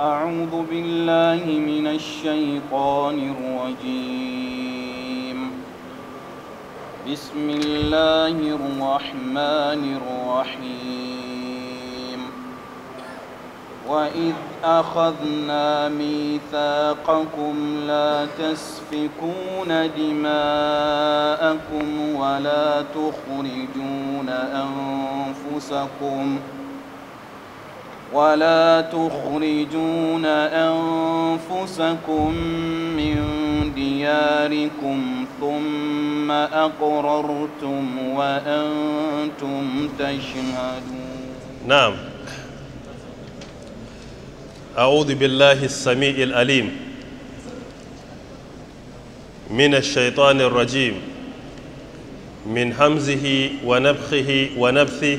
أعوذ بالله من الشيطان الرجيم بسم الله الرحمن الرحيم وإذ أخذنا ميثاقكم لا تسفكون دماءكم ولا تخرجون أنفسكم ۖ ولا تخرجون أنفسكم من دياركم ثم أقررتم وأنتم تشهدون نعم أعوذ بالله السميع الأليم من الشيطان الرجيم من همزه ونبخه ونبثه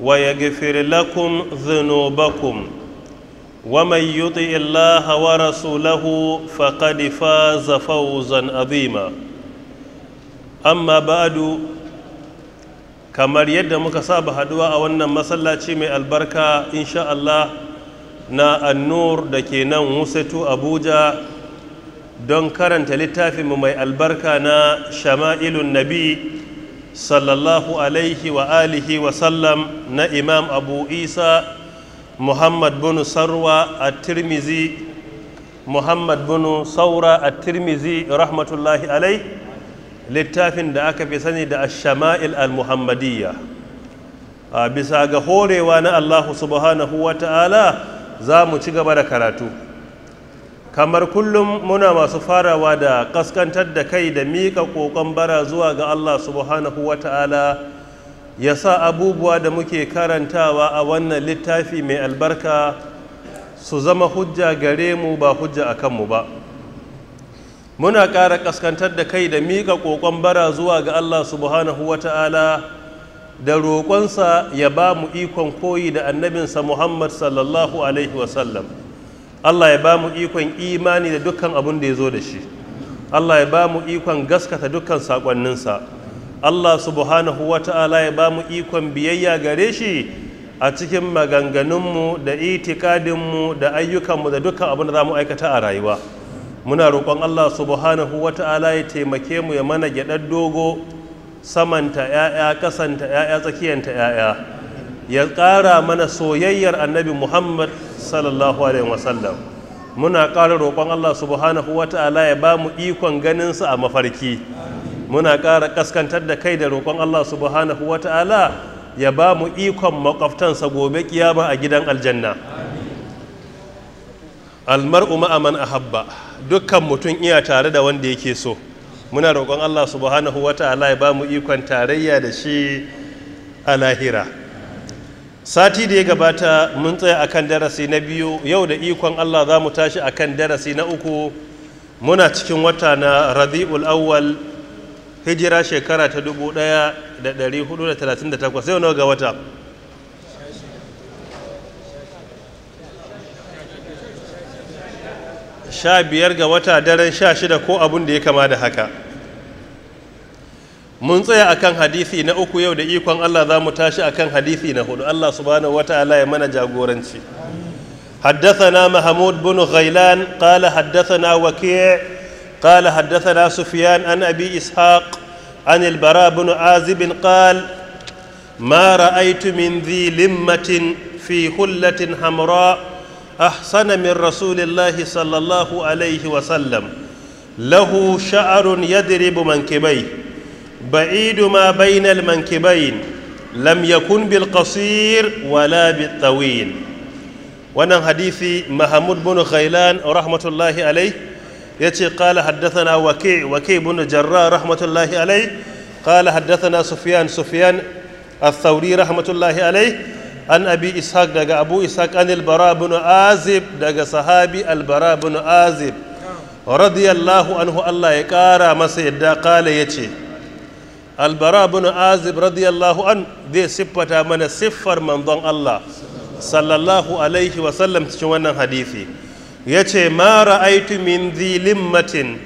ويغفر لكم ذنوبكم ومن يطع الله ورسوله فقد فاز فوزا عظيما أما بعد kamar yadda muka saba haduwa a wannan masallaci mai albarka insha Allah na annur da ke nan wusatu abuja don karanta littafinmu mai albarka na shama'ilun nabi sallallahu alaihi wa alihi wa sallam na imam abu isa muhammad bin sarwa a tirmizi muhammad bin saura a tirmizi rahmatullahi alai littafin da aka fi sani da ashama'il al-muhammadiyya a bisa ga horewa na allahu subhanahu wa ta'ala za mu ci gaba da karatu kamar kullum muna masu farawa da kaskantar da kai da miƙa ƙoƙon bara zuwa ga Allah subhanahu wa ta'ala ya sa abubuwa da muke karantawa a wannan littafi mai albarka su zama hujja gare mu ba hujja a kanmu ba muna ƙara kaskantar da kai da mika ƙoƙon bara zuwa ga Allah subhanahu wa ta'ala da roƙonsa ya ba mu ikon koyi da annabinsa Muhammad sallallahu alaihi wasallam Allah ya ba mu ikon imani da dukkan abin da ya zo da shi Allah ya ba mu ikon gaskata dukkan sakonninsa. Allah subhanahu wa ta'ala ya ba mu ikon biyayya gare shi a cikin maganganunmu da itikadinmu da ayyukanmu da dukkan abin da za mu aikata a rayuwa muna roƙon Allah subhanahu wa ta'ala ya taimake mu ya mana gyaɗar dogo samanta ‘ya'ya kasanta ‘ya'ya tsakiyanta ‘ya'ya ya ƙara mana soyayyar annabi Muhammad sallallahu alaihi wasallam muna ƙara roƙon Allah subhanahu wa ta'ala ya ba mu ikon ganin sa a mafarki muna ƙara kaskantar da kai da roƙon Allah subhanahu wa ta'ala ya ba mu ikon sa gobe kiyama a gidan aljanna almar'u ma'aman ahabba dukkan mutum iya tare da wanda yake so muna roƙon Allah subhanahu wa ta'ala ya ba mu ikon tarayya da shi a lahira sati da ya gabata mun tsaya akan darasi na biyu yau da ikon Allah za mu tashi akan darasi na uku muna cikin wata na rabi'ul awwal hijira shekara ta 1438 yau nawa ga wata sha biyar ga wata daren sha shida ko abun da ya kama da haka mun tsaya akan hadisi na uku yau da ikon Allah za mu tashi akan hadisi na hudu Allah subhanahu wa ta'ala ya mana jagoranci haddathana mahmud bin ghailan qala haddathana waqi' qala haddathana sufyan an abi ishaq an al bara bin azib qala ma ra'aytu min dhi limmatin fi hullatin hamra ahsana min rasulillah sallallahu alayhi wa sallam lahu sha'arun yadribu mankibayhi ba'idu ma bainal mankibain lam yakun bil qasir wala bit tawil wannan hadisi mahmud bin khailan rahmatullahi alai yace qala haddathana waki waki bin jarra rahmatullahi alai qala haddathana sufyan sufyan الثوري رحمة الله عليه عن أبي إسحاق دقى أبو إسحاق عن البراء بن عازب دقى صحابي البراء بن عازب رضي الله عنه الله يقارى مسيدا قال يتي albara bin azib radiyallahu an zai siffata mana siffar manzon Allah sallallahu alaihi wasallam cikin wannan hadisi ya ce mara ra'aitu min zilimmatin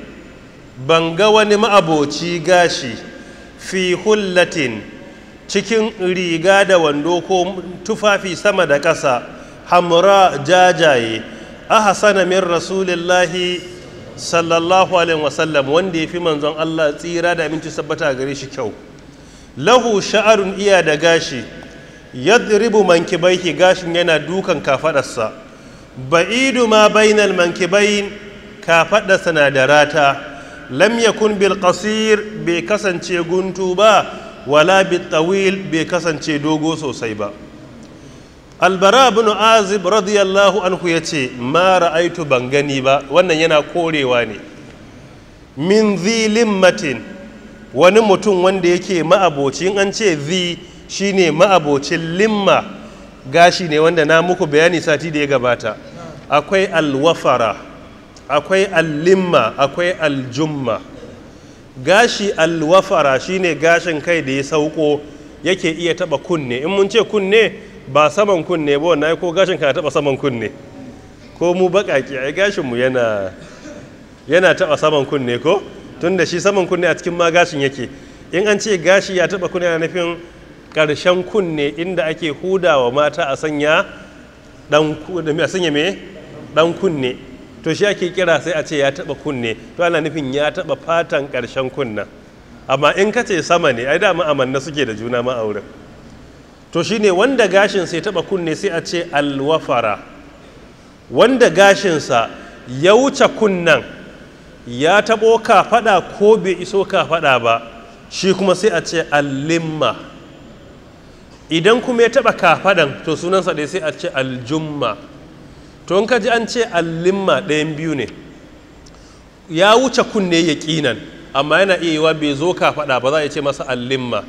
ban ga wani ma'aboci gashi fi hullatin cikin riga da wando ko tufafi sama da ƙasa hamra jajaye a hasana min rasulillahi sallallahu alaihi wasallam wanda ya fi manzon Allah tsira da aminci sabbata gare shi kyau lahu sha'arun iya da gashi yadribu mankibaihi gashin yana dukan kafadarsa ba'idu ma bainal mankibain kafadarsa na da rata lam yakun bil qasir bai kasance guntu ba wala bil tawil bai kasance dogo sosai ba albara bin azib radiyallahu anhu ya ce ma ra'aitu ban gani ba wannan yana korewa ne min zilin wani mutum wanda yake ma'abocin an ce zi shine ma'abocin limma gashi ne wanda na muku bayani sati da ya gabata akwai alwafara akwai allimma akwai aljumma gashi alwafara shine gashin kai da ya sauko yake iya taba kunne in mun ce kunne ba saman kunne ba wannan ko gashin ka taba saman kunne ko mu bakaki ai gashin mu yana yana taba saman kunne ko tunda shi saman kunne a cikin ma gashin yake in an ce gashi ya taba kunne yana nufin karshen kunne inda ake hudawa mata a sanya dan me sanya me dan kunne to shi ake kira sai a ce ya taba kunne to ana nufin ya taba fatan karshen kunna amma in kace sama ne ai da mu amanna suke da juna ma auren to shi ne wanda gashinsa ya taɓa kunne sai a ce alwafara wanda gashinsa ya wuce kunnan ya taɓo kafaɗa ko bai iso kafaɗa ba shi kuma sai a ce allimma idan kuma ya taɓa kafaɗan, to sunansa dai sai a ce aljumma to in ka an ce allimma ɗayan biyu ne ya wuce kunne ya ƙinan amma yana iya yiwa bai zo kafaɗa ba za a ce masa allimma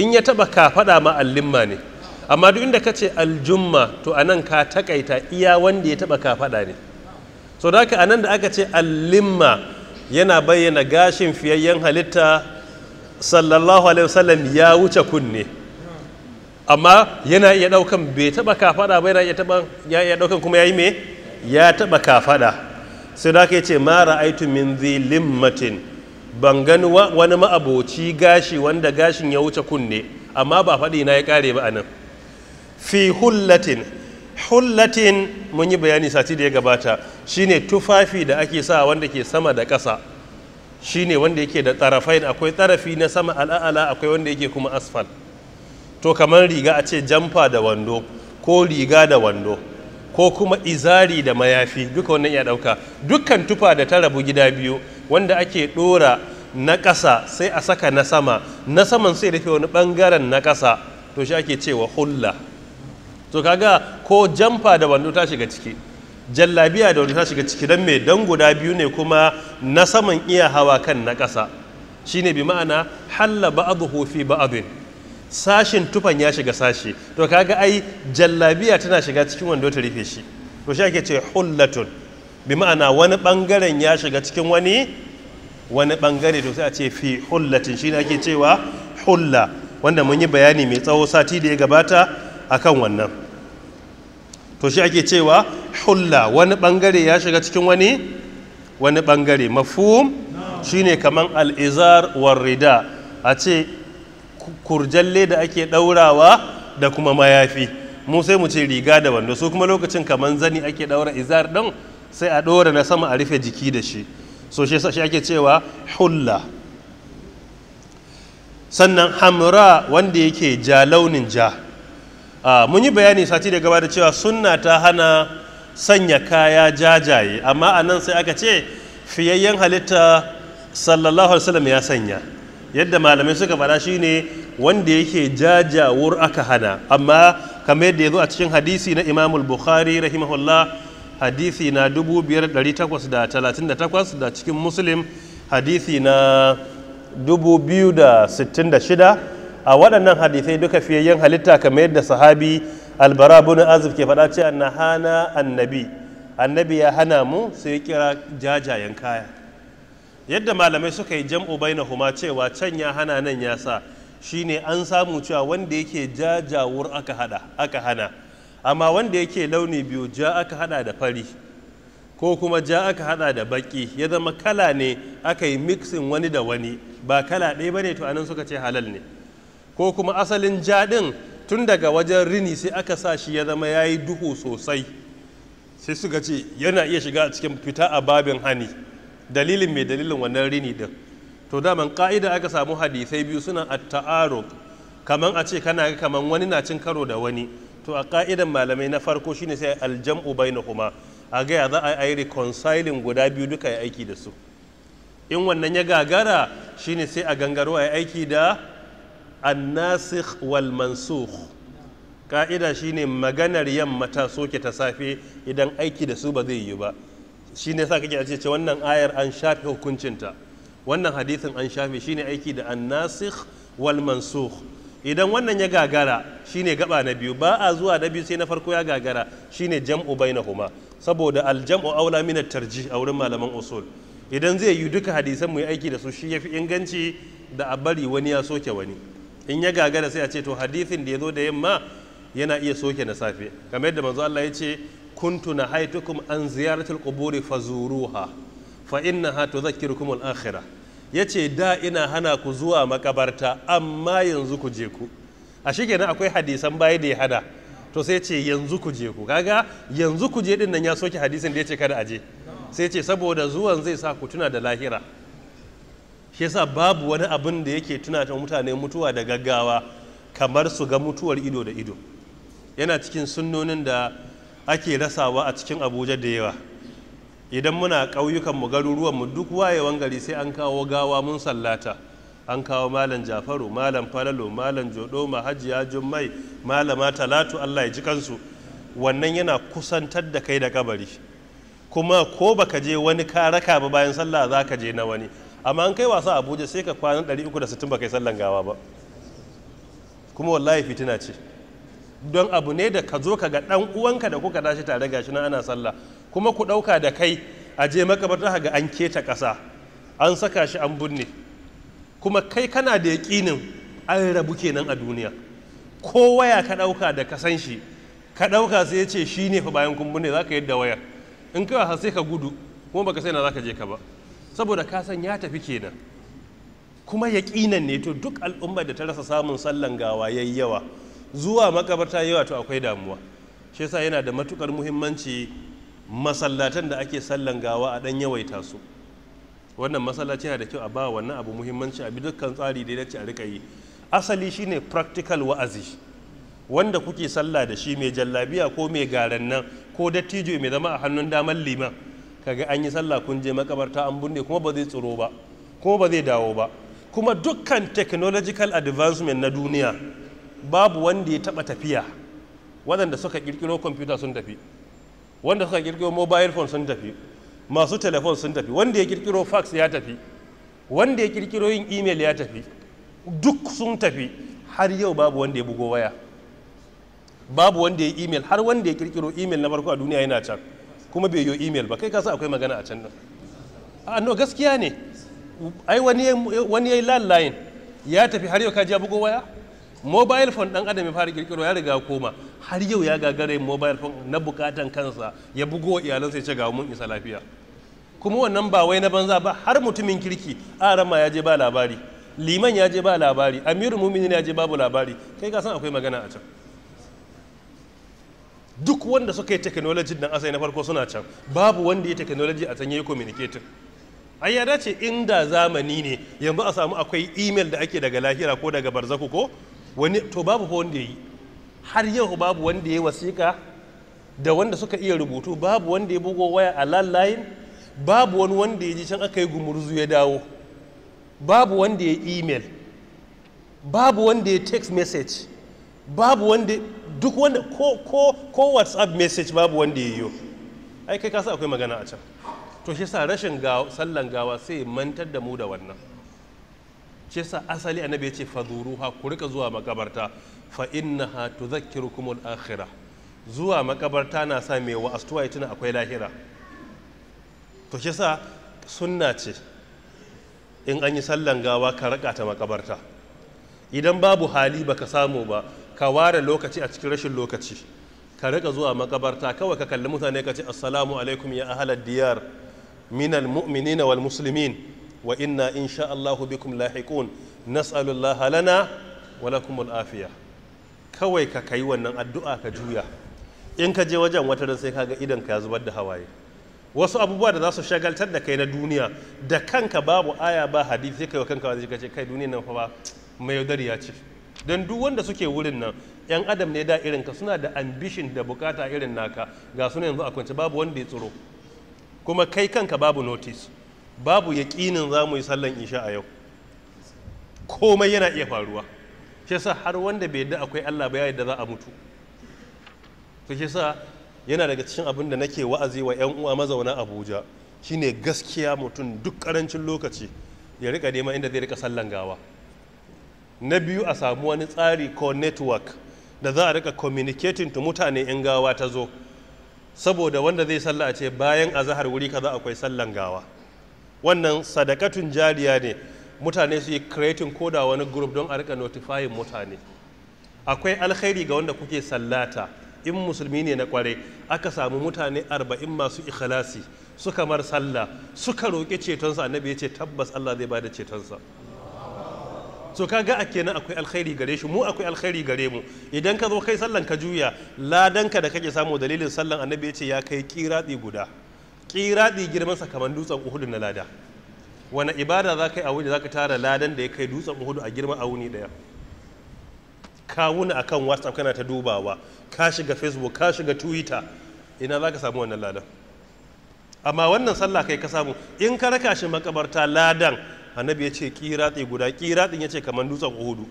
in ya taba kafaɗa ma alimma ne amma duk inda kace aljumma to a nan ka takaita iya wanda ya taba kafaɗa ne so da a anan da aka ce allimma yana bayyana gashin fiyayyen halitta sallallahu alaihi wasallam ya wuce kunne amma yana iya daukan bai taba kafada ba yana iya taba iya daukan kuma yayi me ya taba kafaɗa sai da haka ce mara aitu min zilimmatin ban gani wani ma'aboci gashi wanda gashin ya wuce kunne amma ba faɗi na ya ƙare ba a nan fi hullatin hullatin mun yi bayani sati da ya gabata shine tufafi da ake sa wanda ke sama da ƙasa shine wanda yake da tsarafai akwai tsarafi na sama al'ala akwai wanda yake kuma asfal to kamar riga a ce jamfa da wando ko riga da wando ko kuma izari da mayafi duka wannan ya ɗauka dukkan tufa da ta rabu gida biyu wanda ake ɗora na ƙasa sai a saka na sama na saman sai rufe wani ɓangaren na ƙasa to shi ake cewa hulla to kaga ko jamfa da wando ta shiga ciki jallabiya da wando ta shiga ciki don mai don guda biyu ne kuma na saman iya hawa kan na ƙasa shi ne bi ma'ana halla ba'dahu fi ba'din sashin tufan ya shiga sashi to kaga ai jallabiya tana shiga cikin wando ta rufe shi to shi ake ce hullatun bi ma'ana wani bangaren ya shiga cikin wani wani bangare to sai a ce fi hullatin shi ake cewa hulla wanda mun yi bayani mai tsawo sati da ya gabata a kan wannan to shi ake cewa hulla wani bangare ya shiga cikin wani wani bangare mafhum shine kaman al'izar warrida a ce kurjalle da ake ɗaurawa da kuma mayafi mu sai mu ce riga da wanda. su kuma lokacin kamar zani ake ɗaura izar ɗin? sai a ɗora na sama a rufe jiki da shi so shi ake cewa hulla sannan hamra wanda yake ja launin ja mun yi bayani sati da gaba da cewa sunna ta hana sanya kaya jajaye amma a nan sai aka ce fiyayyen halitta sallallahu alaihi wasallam ya sanya yadda malamai suka shi shine wanda yake jajawur aka hana amma kamar yadda ya zo a cikin hadisi na imamul bukhari rahimahullah hadisi na 5838 da cikin muslim hadisi na 2066 a waɗannan hadisai duka fiye yin halitta kamar yadda sahabi albara azif ke faɗa ce na hana annabi annabi ya hana mu sai ya kira jajayen kaya yadda malamai suka yi jam'u huma cewa can ya hana nan ya sa shine an samu cewa wanda yake jajawur aka hana amma wanda yake launi biyu ja aka hada da fari ko kuma ja aka hada da baki ya zama kala ne aka yi mixin wani da wani ba kala ɗaya ba ne to anan suka ce halal ne ko kuma asalin ja ɗin tun daga wajen rini sai aka sa shi ya zama ya yi duhu sosai sai suka ce yana iya shiga a cikin fita a babin hani dalilin mai dalilin wannan rini ɗin to daman ka'ida aka samu hadisai biyu suna at-ta'aruk kaman a ce kana kaman wani na cin karo da wani to a ka'idan malamai na farko shine sai aljam'u kuma a gaya za a yi reconciling guda biyu duka ya aiki da su in wannan ya gagara shine sai a gangaro a aiki da annasikh wal mansukh ka'ida shine maganar yamma ta soke ta safe idan aiki da su ba zai yi ba shine sa kake a ce wannan ayar an shafe hukuncinta wannan hadisin an shafe shine aiki da annasikh wal mansukh idan wannan ya gagara shine gaba na biyu ba a zuwa na biyu sai na farko ya gagara shi shine jam'u huma saboda aljam'u aula min tarjih a wurin malaman usul idan zai yi duka hadisan mu aiki da su shi ya fi inganci da a bari wani ya soke wani in ya gagara sai a ce to hadisin da ya zo da yamma yana iya soke na safe kamar yadda manzo Allah ya ce kuntu nahaitukum an ziyaratul quburi fazuruha fa innaha tudhakkirukum al-akhirah ya ce da ina hana ku zuwa makabarta amma yanzu ku je ku a shi kenan akwai hadisan baya da ya hada to sai ce yanzu ku je ku kaga yanzu ku je din nan ya soke hadisin da ya ce kada a je sai ce saboda zuwan zai sa ku tuna da lahira shi yasa babu wani abin da yake tuna ta mutane mutuwa da gaggawa kamar su ga mutuwar ido da ido yana cikin sunnonin da ake rasawa a cikin abuja da yawa idan muna ƙauyukanmu garuruwanmu duk wayewan gari sai an kawo gawa mun sallata an kawo malam jafaru malam falalo malam jodo hajiya jummai malama talatu allah ya ji kansu wannan yana kusantar da kai da kabari kuma ko baka je wani ka raka ba bayan sallah za ka je na wani amma an kai wasa abuja sai ka kwana 360 ba kai sallan gawa ba kuma wallahi fitina ce don abu ne da ka zo ka ga dan uwanka da kuka tashi tare gashi na ana sallah kuma ku ɗauka da kai a je makabarta ga an keta ƙasa an saka shi an binne kuma kai kana da yaƙinin an rabu kenan a duniya ko waya ka ɗauka da kasan shi ka ɗauka sai ya ce shi ne fa bayan kun binne za ka yadda waya in kai wasa sai ka gudu kuma baka sai na za ka je ka ba saboda ka san ya tafi kenan kuma yaƙinan ne to duk al'ummar da ta rasa samun sallan gawa yayi yawa zuwa makabarta yawa to akwai damuwa shi yasa yana da matukar muhimmanci masallatan da ake sallan gawa a dan yawaita su wannan masallaci yana da kyau a ba wannan abu muhimmanci a bi dukkan tsari da ya dace a rika yi asali shine practical wa'azi wanda kuke sallah da shi mai jallabiya ko mai garan nan ko dattijo mai zama a hannun daman liman kaga an yi sallah kun je makabarta an bunne kuma ba zai tsoro ba kuma ba zai dawo ba kuma dukkan technological advancement na duniya babu wanda ya taba tafiya wadanda suka kirkiro computer sun tafi wanda suka kirkiro mobile phone sun tafi masu telefon sun tafi wanda ya kirkiro fax ya tafi wanda ya kirkiro yin email ya tafi duk sun tafi har yau babu wanda ya bugo waya babu wanda ya email har wanda ya kirkiro email na farko a duniya yana can kuma bai yi email ba kai kasa akwai magana a can nan a no gaskiya ne ai wani ya yi landline ya tafi har yau ka ji bugo waya mobile phone dan adam ya fara kirkiro ya riga koma har yau ya gagare mobile phone na bukatan kansa ya bugo wa iyalansa ya ce ga mun isa lafiya kuma wannan ba wai na banza ba har mutumin kirki arama ya je ba labari liman ya je ba labari amirul muminin ya je babu labari kai ka san akwai magana a can duk wanda suka yi technology nan asali na farko suna can babu wanda ya technology a can yayi communicating ai ya dace inda zamani ne yanzu a samu akwai email da ake daga lahira ko daga barzaku ko wani to babu ko wanda yayi har yau babu wanda ya wasiƙa da wanda suka iya rubutu babu wanda ya bugo waya a landline babu wani wanda ya ji can aka yi gumurzu ya dawo babu wanda ya email babu wanda ya text message babu wanda duk wanda ko, ko, ko whatsapp message babu wanda ya yi ai kai kasa akwai magana a can to shi sa rashin sallan gawa sai mantar da mu da wannan shi sa asali annabi ya ce fazuruha ku rika zuwa makabarta fa innaha tudhakkirukum al-akhirah zuwa makabarta na sa mai wa'astuwa ya tuna akwai lahira to shi sa sunna ce in an yi sallan gawa ka raka ta makabarta idan babu hali baka samu ba ka ware lokaci a cikin rashin lokaci ka rika zuwa makabarta kawai ka kalli mutane ka ce assalamu alaikum ya ahalar diyar minal mu'minina wal muslimin wa inna insha Allahu bikum lahiqun nas'alullaha lana wa lakum al afiya kawai ka kai wannan addu'a ka juya in ka je wajen wata sai kaga idan ka zubar da hawaye wasu abubuwa da za su shagaltar da kai na duniya da kanka babu aya ba hadisi sai kai kanka wani ce kai duniya nan fa mai yaudari ya ce don duk wanda suke wurin nan yan adam ne da irin ka suna da ambishin da bukata irin naka ga suna yanzu a kwance babu wanda ya tsoro kuma kai kanka babu notice babu yaƙinin za mu yi sallan isha a yau komai yana iya faruwa shi yasa har wanda bai da akwai Allah ba da za a mutu to shi yasa yana daga cikin abin da nake wa'azi wa yan uwa mazauna Abuja shine gaskiya mutum duk karancin lokaci ya rika nema inda zai rika sallan gawa na biyu a samu wani tsari ko network da za a rika communicating to mutane yan gawa ta zo saboda wanda zai salla a ce bayan azahar wuri kaza akwai sallan gawa wannan sadakatun jariya ne mutane su yi creating koda wani group don a rika notifying mutane akwai alkhairi ga wanda kuke sallata in musulmi ne na kware aka samu mutane arba'in masu ikhlasi suka mar sallah suka roƙi cetonsa annabi ya ce tabbas Allah zai bada cetonsa so ga a kenan akwai alkhairi gare shi mu akwai alkhairi gare mu idan ka zo kai sallan ka juya ladanka da kake samu dalilin sallan annabi ya ce ya kai kiratsi guda kiratsi girman sa kamar dutsen uhudu na lada wani ibada za ka yi a wuni za ka tara ladan da ya kai dutsen uhudu a girma a wuni daya Kawuna wuni a kan whatsapp kana ta dubawa ka shiga facebook ka shiga twitter ina za ka samu wannan ladan amma wannan sallah kai ka samu in ka raka shi makabarta ladan annabi ya ce kiratsi guda kiratsin ya ce kamar dutsen uhudu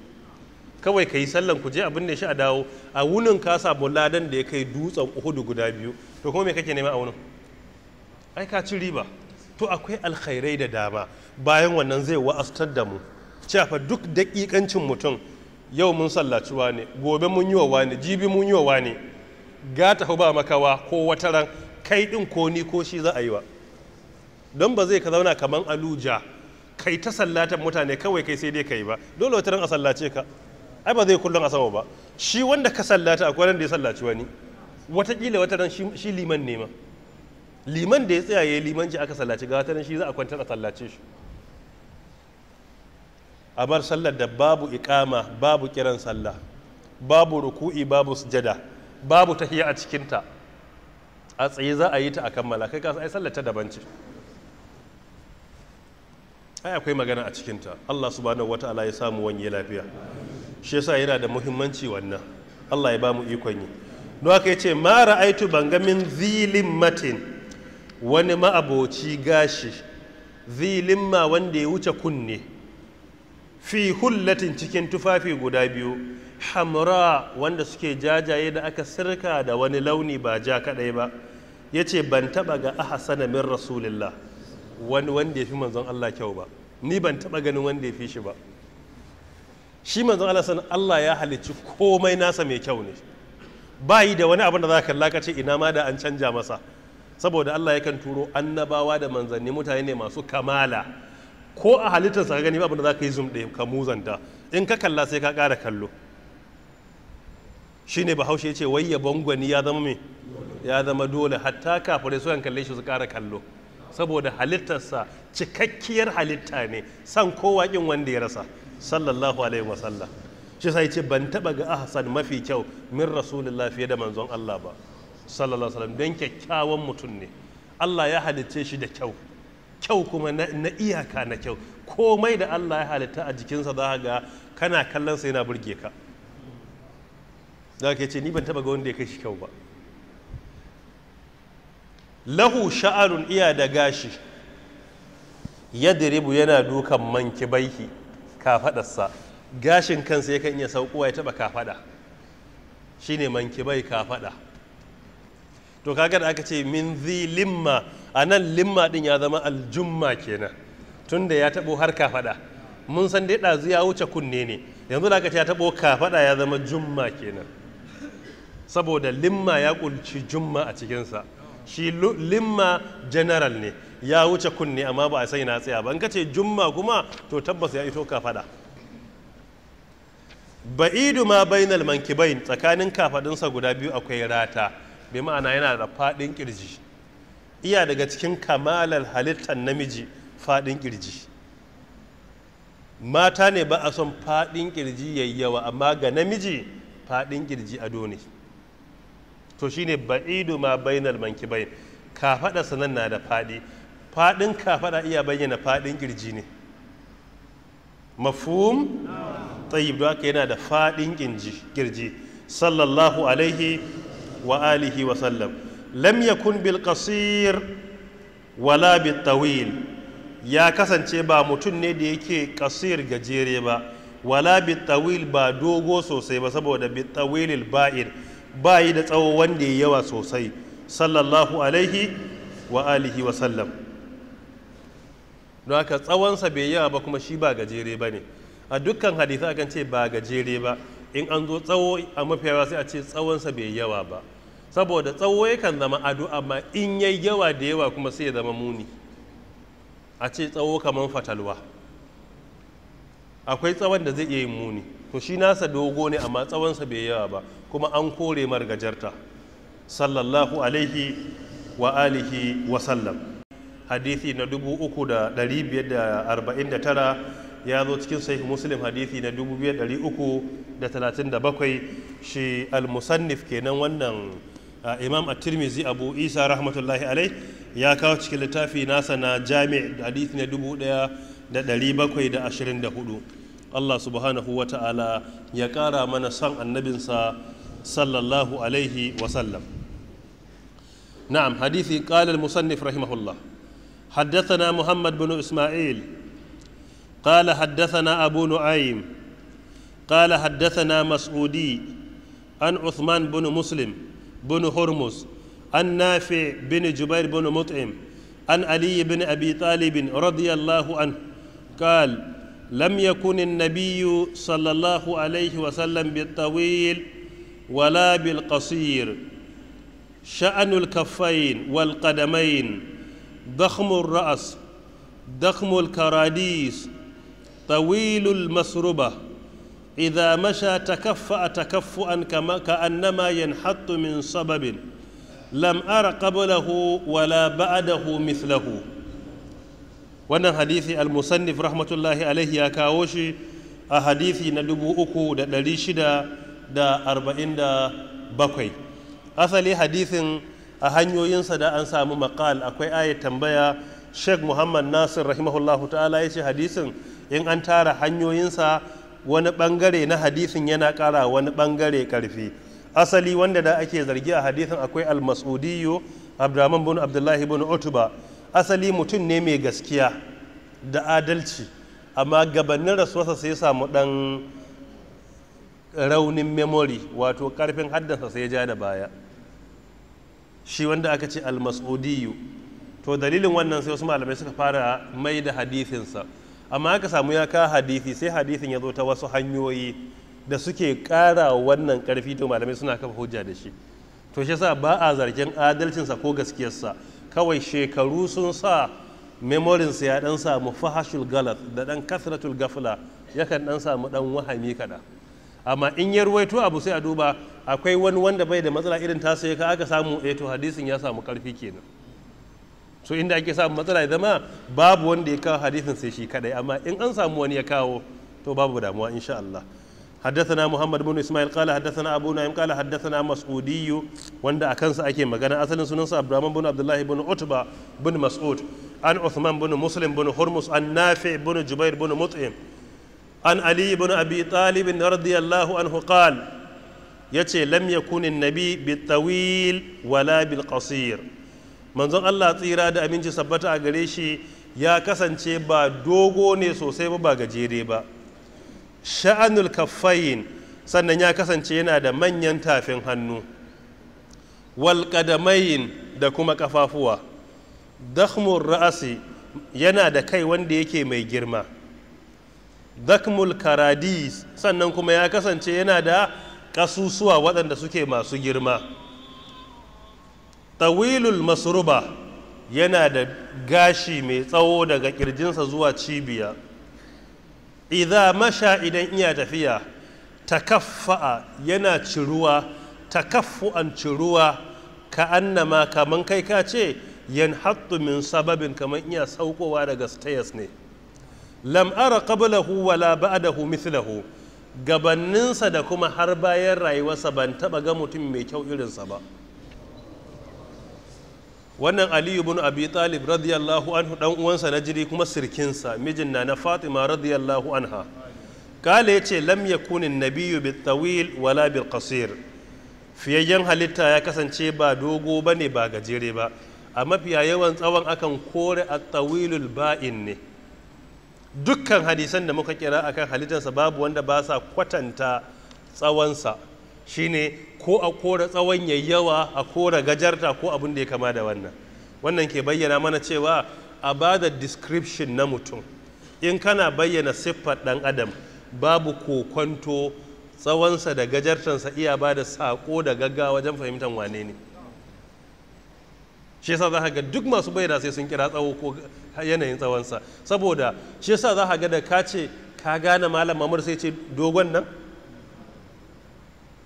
kawai ka yi sallan ku je abin ne shi a dawo a wunin ka samu ladan da ya kai dutsen uhudu guda biyu to kuma me kake nema a wunin ai ka ci riba to akwai alkhairai da dama bayan wannan zai wa'astar da mu cewa duk daƙiƙancin mutum yau mun sallaci ne gobe mun yi wa wani jibi mun yi wa wani tafi ba makawa ko wata ran kai ɗin ko ni ko shi za a yi wa don ba zai ka zauna kaman aluja kai ta sallatan mutane kawai kai sai dai kai ba dole wata ran a sallace ka ai ba zai kullum a sama ba shi wanda ka sallata akwai ran da ya sallaci wani watakila wata ran shi liman nema. ma liman da ya tsaya ya limanci aka sallaci gawa shi za a kwantar a sallace shi a bar sallar da babu ikama babu kiran sallah babu ruku'i babu sujada babu tahiya a cikinta a tsaye za a yi ta a kammala kai kasa ai sallar ta daban ce ai akwai magana a cikinta Allah subhanahu wata'ala ya samu wani lafiya shi yasa yana da muhimmanci wannan Allah ya ba mu ikon yi don haka ya ce mara aitu ban ga min zilin matin wani ma'aboci gashi zilimma wanda ya wuce kunne fi hullatin cikin tufafi guda biyu hamra wanda suke jajaye da aka sirka da wani launi ba ja kadai ba ya ce ban taba ga ahasana min rasulillah wani wanda ya fi manzon Allah kyau ba ni ban taba ganin wanda ya fi shi ba shi manzon Allah san Allah ya halicci komai nasa mai kyau ne bayi da wani abin da za ka lakace ina ma da an canja masa saboda Allah yakan turo annabawa da manzanni mutane ne masu kamala ko a halittarsa ka gani ba da za ka yi zum ka muzanta in ka kalla sai ka ƙara kallo shine bahaushe ce wai ya bangwani ya zama me ya zama dole hatta kafirai sukan kalle shi su ƙara kallo saboda halittarsa cikakkiyar halitta ne san kowa kin wanda ya rasa sallallahu alaihi wasallam shi sai ce ban taba ga ahsan mafi kyau min rasulullahi fiye da manzon Allah ba sallallahu alaihi don kyakkyawan mutum ne Allah ya halicce shi da kyau kyau kuma na, iyaka na kyau komai da Allah ya halitta a jikinsa za ga kana kallon sa yana burge ka za ka ce ni ban taba ga wanda ya kai shi kyau ba lahu sha'arun iya da gashi diribu yana dukan manki baiki kafadarsa gashin kansa yakan iya sauƙuwa ya taba kafada shine manki bai kafada to kaga da aka ce min zi limma a nan limma din ya zama aljumma kenan tunda ya taɓo har kafaɗa mun san dai ɗazu ya wuce kunne ne yanzu da aka ce ya taɓo kafaɗa ya zama jumma kenan saboda limma ya ƙunci jumma a cikinsa shi limma general ne ya wuce kunne amma ba a sai na tsaya ba in ka ce jumma kuma to tabbas ya ito kafaɗa ba'idu ma bainal mankibain tsakanin kafaɗinsa guda biyu akwai rata bai ma'ana yana da faɗin kirji iya daga cikin kamalar halittar namiji faɗin ƙirji. mata ne ba a son faɗin kirji yayyawa amma ga namiji faɗin kirji shi ne to shine ba'idu ma bainal bai. kafaɗa sanan na da faɗi faɗin kafaɗa iya bayyana faɗin kirji ne mafhum tsayi don haka yana da faɗin kirji sallallahu alaihi wa alihi wa sallam lam yakun bil qasir wala bit tawil ya kasance ba mutum ne da yake kasir gajere ba wala bit tawil ba dogo sosai ba saboda bit tawilil ba yi da tsawo wanda ya yawa sosai sallallahu alaihi wa alihi wa sallam don haka tsawonsa bai yawa ba kuma shi ba gajere ba ne a dukkan hadisa kan ce ba gajere ba in an zo tsawo a mafiyawa sai a ce tsawonsa bai yawa ba saboda tsawo yakan zama ado amma in yayi yawa da yawa kuma sai ya zama muni a ce tsawo kamar fatalwa akwai tsawon da zai iya yin muni to shi nasa dogo ne amma tsawonsa bai yawa ba kuma an kore margajarta sallallahu alaihi wa alihi wa sallam hadithi na 3549 ya zo cikin sahih muslim hadithi na 2337 shi al-musannif kenan wannan imam at-tirmizi abu isa rahmatullahi alai ya kawo cikin littafi nasa na jami' hadithi na 1724 Allah subhanahu wa ta'ala ya kara mana son annabinsa sallallahu alaihi sallam. na'am hadithi ƙalar musannif rahimahullah حدثنا محمد بن إسماعيل قال حدثنا أبو نعيم قال حدثنا مسعودي عن عثمان بن مسلم بن هرمز عن نافع بن جبير بن مطعم عن علي بن أبي طالب رضي الله عنه قال لم يكن النبي صلى الله عليه وسلم بالطويل ولا بالقصير شأن الكفين والقدمين ضخم الرأس ضخم الكراديس طويل المسربة إذا مشى تكفأ تكفؤا كما كأنما ينحط من صبب لم أر قبله ولا بعده مثله wannan hadithi al-musannif rahmatullahi alaihi ya kawo shi a hadithi na bakwai. asali hadithin a hanyoyinsa da an samu maƙal akwai ayat tambaya sheikh muhammad nasir rahimahullahu ta'ala ya ce hadisin in an tara hanyoyinsa wani bangare na hadisin yana kara wani bangare karfi asali wanda da ake zargi a hadisin akwai almasudiyo abdurrahman bin abdullahi bin utuba asali mutum ne mai gaskiya da adalci amma gabanin rasuwarsa sai samu dan raunin memory wato karfin haddasa sai ja da baya shi wanda aka ce almasudiyo to dalilin wannan sai wasu malamai suka fara mai da hadisinsa amma aka samu ya ka hadisi sai hadisin ya zo ta wasu hanyoyi da suke ƙara wannan karfi to malamai suna kafa hujja da shi to shi sa ba a zargin adalcinsa ko gaskiyarsa kawai shekaru sun sa memorinsa ya dan samu fahashul galat da dan kasratul gafla yakan dan samu dan wahami kada amma in ya ruwaito abu sai a duba akwai wani wanda bai da matsala irin tasa ya ka aka samu eh to hadisin ya samu ƙarfi kenan so inda ake samu matsala ya zama babu wanda ya kawo hadisin sai shi kadai amma in an samu wani ya kawo to babu damuwa insha Allah حدثنا محمد بن اسماعيل قال حدثنا ابو نعيم قال حدثنا wanda a kansa ake magana asalin sunansa Abdurrahman bin abdullahi bin Utba bin Mas'ud an usman bin Muslim bin Hurmus an Nafi bin Jubair bin Mut'im an Ali bin Abi Talib radiyallahu anhu ya ce lam ya an-nabi bitawil wala bil qasir manzon Allah tsira da aminci sabbata a gare shi ya kasance ba dogo ne sosai ba gajere ba sha'anul kaffayin sannan ya kasance yana da manyan tafin hannu wal da kuma kafafuwa dakhmur ra'asi yana da kai wanda yake mai girma dakmul karadis sannan kuma ya kasance yana da kasusuwa waɗanda suke masu girma tawilul masruba yana da gashi mai tsawo daga kirjinsa zuwa cibiya idza masha idan iya tafiya takaffa'a yana ciruwa takaffu'an ciruwa ka annama kaman kai ka ce 'Yan hattu min sababin kaman iya saukowa daga stairs ne lam ara qablahu wala ba'dahu mithlahu gabanninsa da kuma har bayan rayuwarsa ban taɓa ga mutum mai kyau irinsa ba wannan aliyu bin abi talib radiyallahu anhu dan uwansa na jiri kuma sirkinsa mijin na na fatima radiyallahu anha kale ya ce lam yakunin nabiyu bit tawil wala bil qasir fiyayyen halitta ya kasance ba dogo bane ba gajere ba a mafiya yawan tsawon akan kore a tawilul ba'in ne dukkan hadisan da muka kira akan halittarsa babu wanda ba sa kwatanta tsawonsa shine ko a kora tsawon yayyawa, a kora gajarta ko abin da ya kama da wannan wannan ke bayyana mana cewa a ba da description na mutum in kana bayyana siffar ɗan adam babu kokwanto tsawonsa da gajartansa iya ba da saƙo da gagga wajen fahimtar wane ne shi yasa za ka ga duk masu bayyana sai sun kira tsawo ko yanayin tsawonsa saboda shi yasa za ka ga da ka ce ka gane malam mamur sai ce dogon nan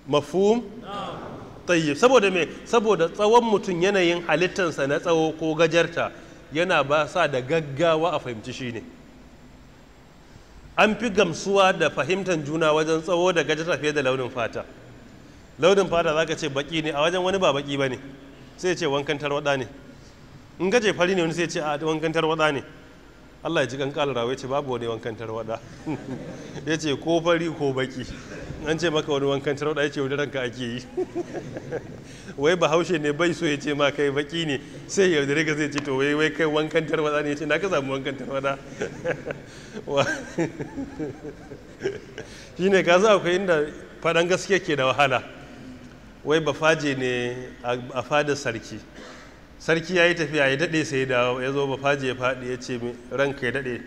mafum? tayyib saboda me saboda tsawon mutum yanayin halittansa na tsawo ko gajarta yana ba sa da gaggawa a fahimci shi ne an fi gamsuwa da fahimtar juna wajen tsawo da gajarta fiye da launin fata launin fata za ka ce baki ne a wajen wani ba baki ba ne sai ce wankan tarwada ne in gaje fari ne wani sai ce a wankan tarwada ne Allah ya ji kankan kalarawa ya ce babu wani wankan tarwada ya ce ko fari ko baki an ce maka wani wankan tarau da ya ce wani ranka ake yi wai bahaushe ne bai so ya ce ma kai baki ne sai ya da ga zai ce to wai kai wankan tarwada ne ya ce na ka samu wankan tarwada shi ne ka za kai inda faɗan gaske ke da wahala wai ba faje ne a fadar sarki sarki ya yi tafiya ya daɗe sai ya dawo ya zo faje ya faɗi ya ce ranka ya daɗe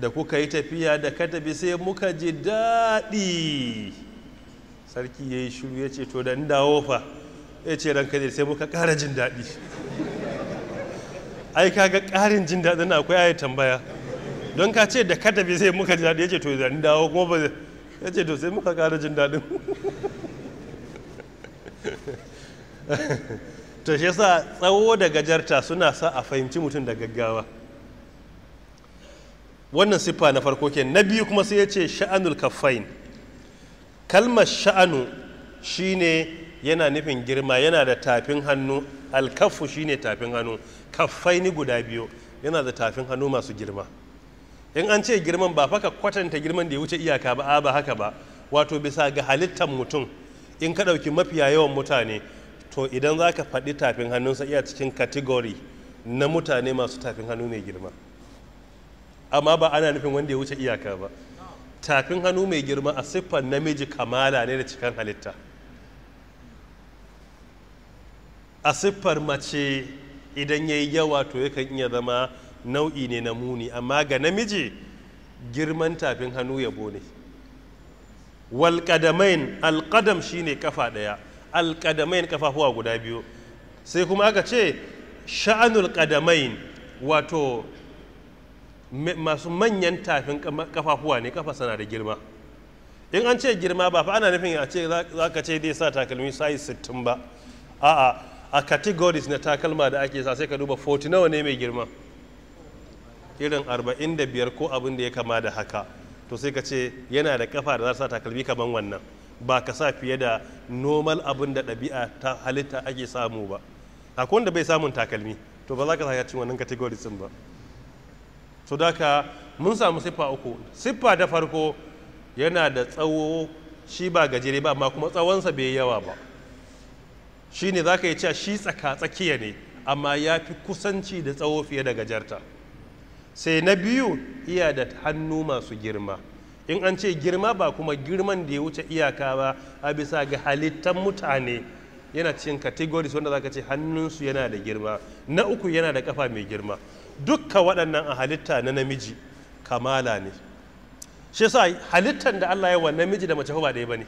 da kuka yi tafiya da katabi sai muka ji daɗi sarki ya yi shuru ya ce to da dawo fa ya ce ranka ne sai muka ƙara jin daɗi ai kaga ƙarin jin daɗin akwai ayi tambaya don ka ce da katabi sai muka ji daɗi ya ce to da dawo kuma ba ya ce to sai muka ƙara jin daɗin to shi sa tsawo da gajarta suna sa a fahimci mutum da gaggawa wannan siffa na farko ke na biyu kuma sai ya ce sha'anul kafain kalmar sha'anu shine yana nufin girma yana da tafin hannu alkafu shine tafin hannu kafaini guda biyu yana da tafin hannu masu girma in an ce girman ba faka kwatanta girman da ya wuce iyaka ba a ba haka ba wato bisa ga halittar mutum in ka ɗauki mafiya yawan mutane to idan za ka faɗi tafin hannunsa iya cikin katigori na mutane masu tafin hannu mai girma amma ba ana nufin wanda ya wuce iyaka ba tafin hannu mai girma a siffar namiji kamala ne da cikan halitta a siffar mace idan ya yi yawa to yakan iya zama nau'i ne na muni amma ga namiji girman tafin hannu yabo ne walƙadamain alƙadam shi ne ƙafa ɗaya alƙadamain ƙafafuwa guda biyu sai kuma aka ce sha'anul ƙadamain wato masu manyan tafin kafafuwa ne kafa sana da girma in an ce girma ba fa ana nufin a ce za ka ce dai sa takalmi sai sittin ba a'a a categories na takalma da ake sa sai ka duba 40 nawa ne mai girma irin 45 ko abin da ya kama da haka to sai ka ce yana da kafa da za sa takalmi kaman wannan ba ka sa fiye da normal abin da ɗabi'a ta halitta ake samu ba akwai wanda bai samun takalmi to ba za ka sa ya cin wannan categories ba so daga mun samu siffa uku siffa da farko yana da tsawo shi ba gajere ba amma kuma tsawonsa bai yawa ba shi ne za ka yi cewa shi tsaka tsakiya ne amma ya fi kusanci da tsawo fiye da gajarta sai na biyu iya da hannu masu girma in an ce girma ba kuma girman da ya wuce iyaka ba a bisa ga halittan mutane yana cikin categories wanda za ka ce hannunsu yana da girma na uku yana da kafa mai girma dukka waɗannan a halitta na namiji kamala ne shi yasa halittar da Allah ya wa namiji da mace ba ɗaya bane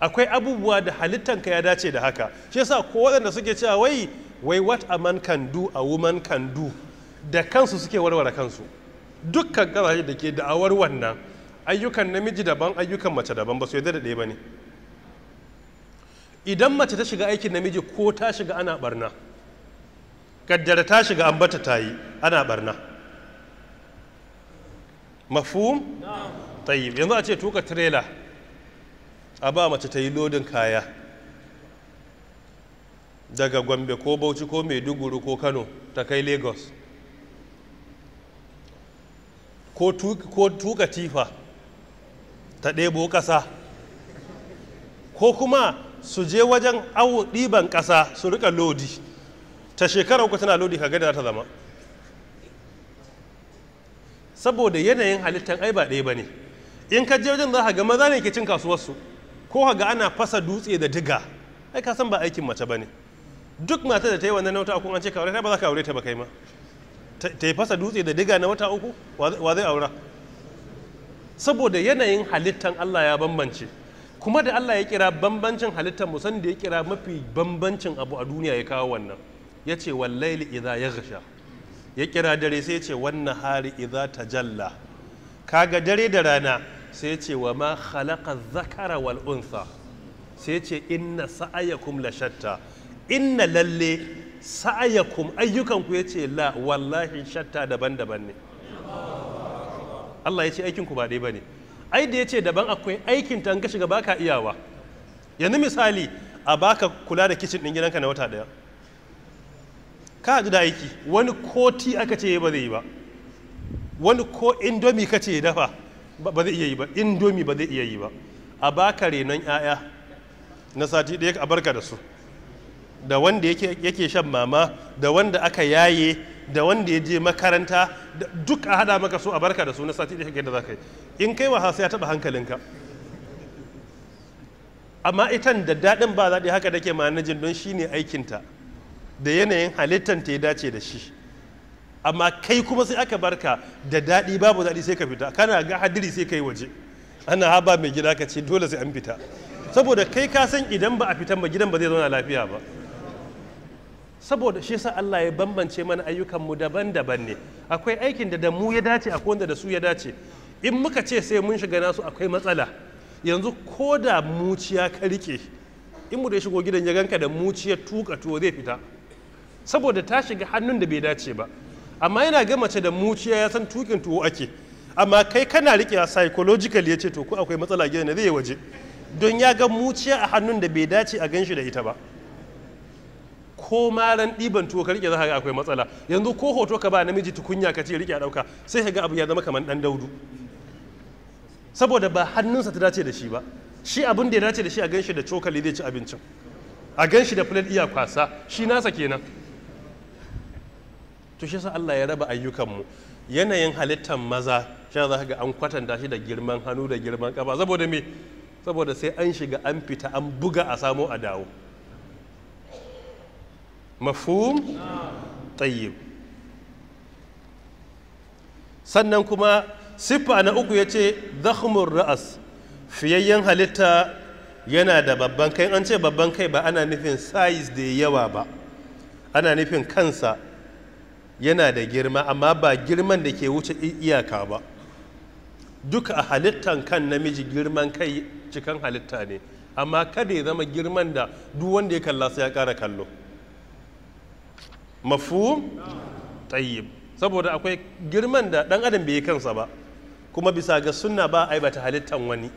akwai abubuwa da ka ya dace da haka shi yasa ko waɗanda suke cewa wai wai what a man can do a woman can do da kansu suke warware kansu dukkan ƙasashe da ke da'awar wannan ayyukan namiji daban ayyukan mace daban ba su yadda da ɗaya bane idan mace ta shiga aikin namiji ko ta shiga ana barna kaddara ta shiga ambata ta yi ana barna ta yi yanzu a ce tuka trailer a ba mace ta yi lodin kaya daga gombe ko bauchi ko maiduguri ko kano ta kai lagos ko tuka tifa ta ɗebo ƙasa ko kuma su je wajen awo ɗiban ƙasa su rika lodi ta shekara uku tana lodi ka gada ta zama saboda yanayin halittar ai ba ɗaya ba ne in ka je wajen za ka ga maza ne ke cin kasuwarsu ko ka ga ana fasa dutse da diga ai ka san ba aikin mace ba ne duk mata da ta yi wannan na wata uku an ce ka aure ta ba za ka aure ta ba kai ma ta yi fasa dutse da diga na wata uku wa zai aura saboda yanayin halittan Allah ya bambance kuma da Allah ya kira bambancin halittar musan da ya kira mafi bambancin abu a duniya ya kawo wannan ya ce wallaili idha ya gasha ya kira dare sai ya ce wannan hari idha tajalla kaga dare da rana sai ya ce wa ma khalaqa zakara wal unsa sai ya ce inna sa'ayakum la shatta inna lalle sa'ayakum ayyukanku ya ce la wallahi shatta daban-daban ne Allah ya ce aikinku ba ɗaya ba ne ai da ya ce daban akwai aikin ta ka shiga baka iyawa yanzu misali a baka kula da kicin ɗin gidanka na wata ɗaya ka haɗu da aiki wani koti aka ce ba zai yi ba wani ko indomi ka ce dafa ba zai iya yi ba indomi ba zai iya yi ba a baka renon 'ya'ya na sati ɗaya a barka da su da wanda yake shan mama da wanda aka yaye da wanda ya je makaranta duk a haɗa maka so a barka da su na sati ɗaya da za ka yi in kai wa sai ya taɓa hankalinka amma itan da daɗin ba zaɗi haka da ke manajin don shine aikinta da yanayin halittan ta ya dace da shi amma kai kuma sai aka barka da daɗi babu daɗi sai ka fita kana ga hadiri sai ka yi waje ana haba mai gida ka ce dole sai an fita saboda kai ka san idan ba a fitan ba gidan ba zai zauna lafiya ba saboda shi sa Allah ya bambance mana ayyukan mu daban-daban ne akwai aikin da da mu ya dace akwai wanda da su ya dace in muka ce sai mun shiga nasu akwai matsala yanzu ko da muciya ka rike in mu da shigo gidan ya ganka da muciyar tuka tuwo zai fita saboda ta shiga hannun da bai dace ba amma yana ga mace da muciya ya san tukin tuwo ake amma kai kana rike a psychological ya ce to ko akwai matsala gidan na zai waje don ya ga muciya a hannun da bai dace a ganshi da ita ba ko ran ɗiban tuwo ka rike za ka ga akwai matsala yanzu ko hoto ka ba namiji tukunya ka ce rike a ɗauka sai ka ga abu ya zama kamar dan daudu saboda ba hannunsa ta dace da shi ba shi abin da ya dace da shi a ganshi da cokali zai ci abincin a ganshi da plate iya kwasa shi nasa kenan to shi sa Allah ya raba ayyukanmu yanayin halittar maza shi za ga an kwatanta shi da girman hannu da girman kafa saboda me saboda sai an shiga an fita an buga a samo a dawo mafhum tayyib sannan kuma siffa na uku yace zakhmur ra'as fiyayyen halitta yana da babban kai an ce babban kai ba ana nufin size da yawa ba ana nufin kansa yana da girma amma ba girman da ke wuce iyaka ba duka a halittan kan namiji girman kai cikin halitta ne amma kada ya zama girman da duk wanda ya kalla sai ya kara kallo mafu tayyib saboda akwai girman da ɗan adam bai yi kansa ba kuma bisa ga sunna ba aibata halittan wani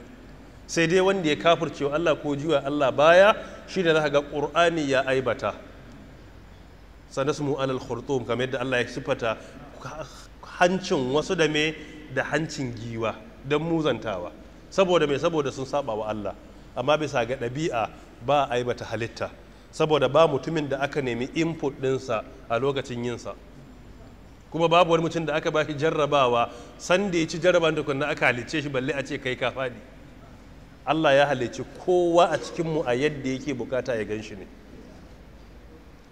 sai dai wanda ya wa Allah ko jiwa Allah baya shi da za ga ƙur'ani ya aibata mu alal khurtum kamar yadda Allah ya sifata hancin wasu da me da hancin giwa don muzantawa saboda me saboda sun saba wa Allah amma bisa ga ɗabi'a ba a aibata halitta saboda ba mutumin da aka nemi input ɗinsa a lokacin yinsa kuma babu wani mutum da aka ba shi jarrabawa sanda ya ci jarraban da kunna aka halicce shi balle a ce kai ka faɗi Allah ya halicci kowa a cikinmu a yadda yake bukata ya gan shi ne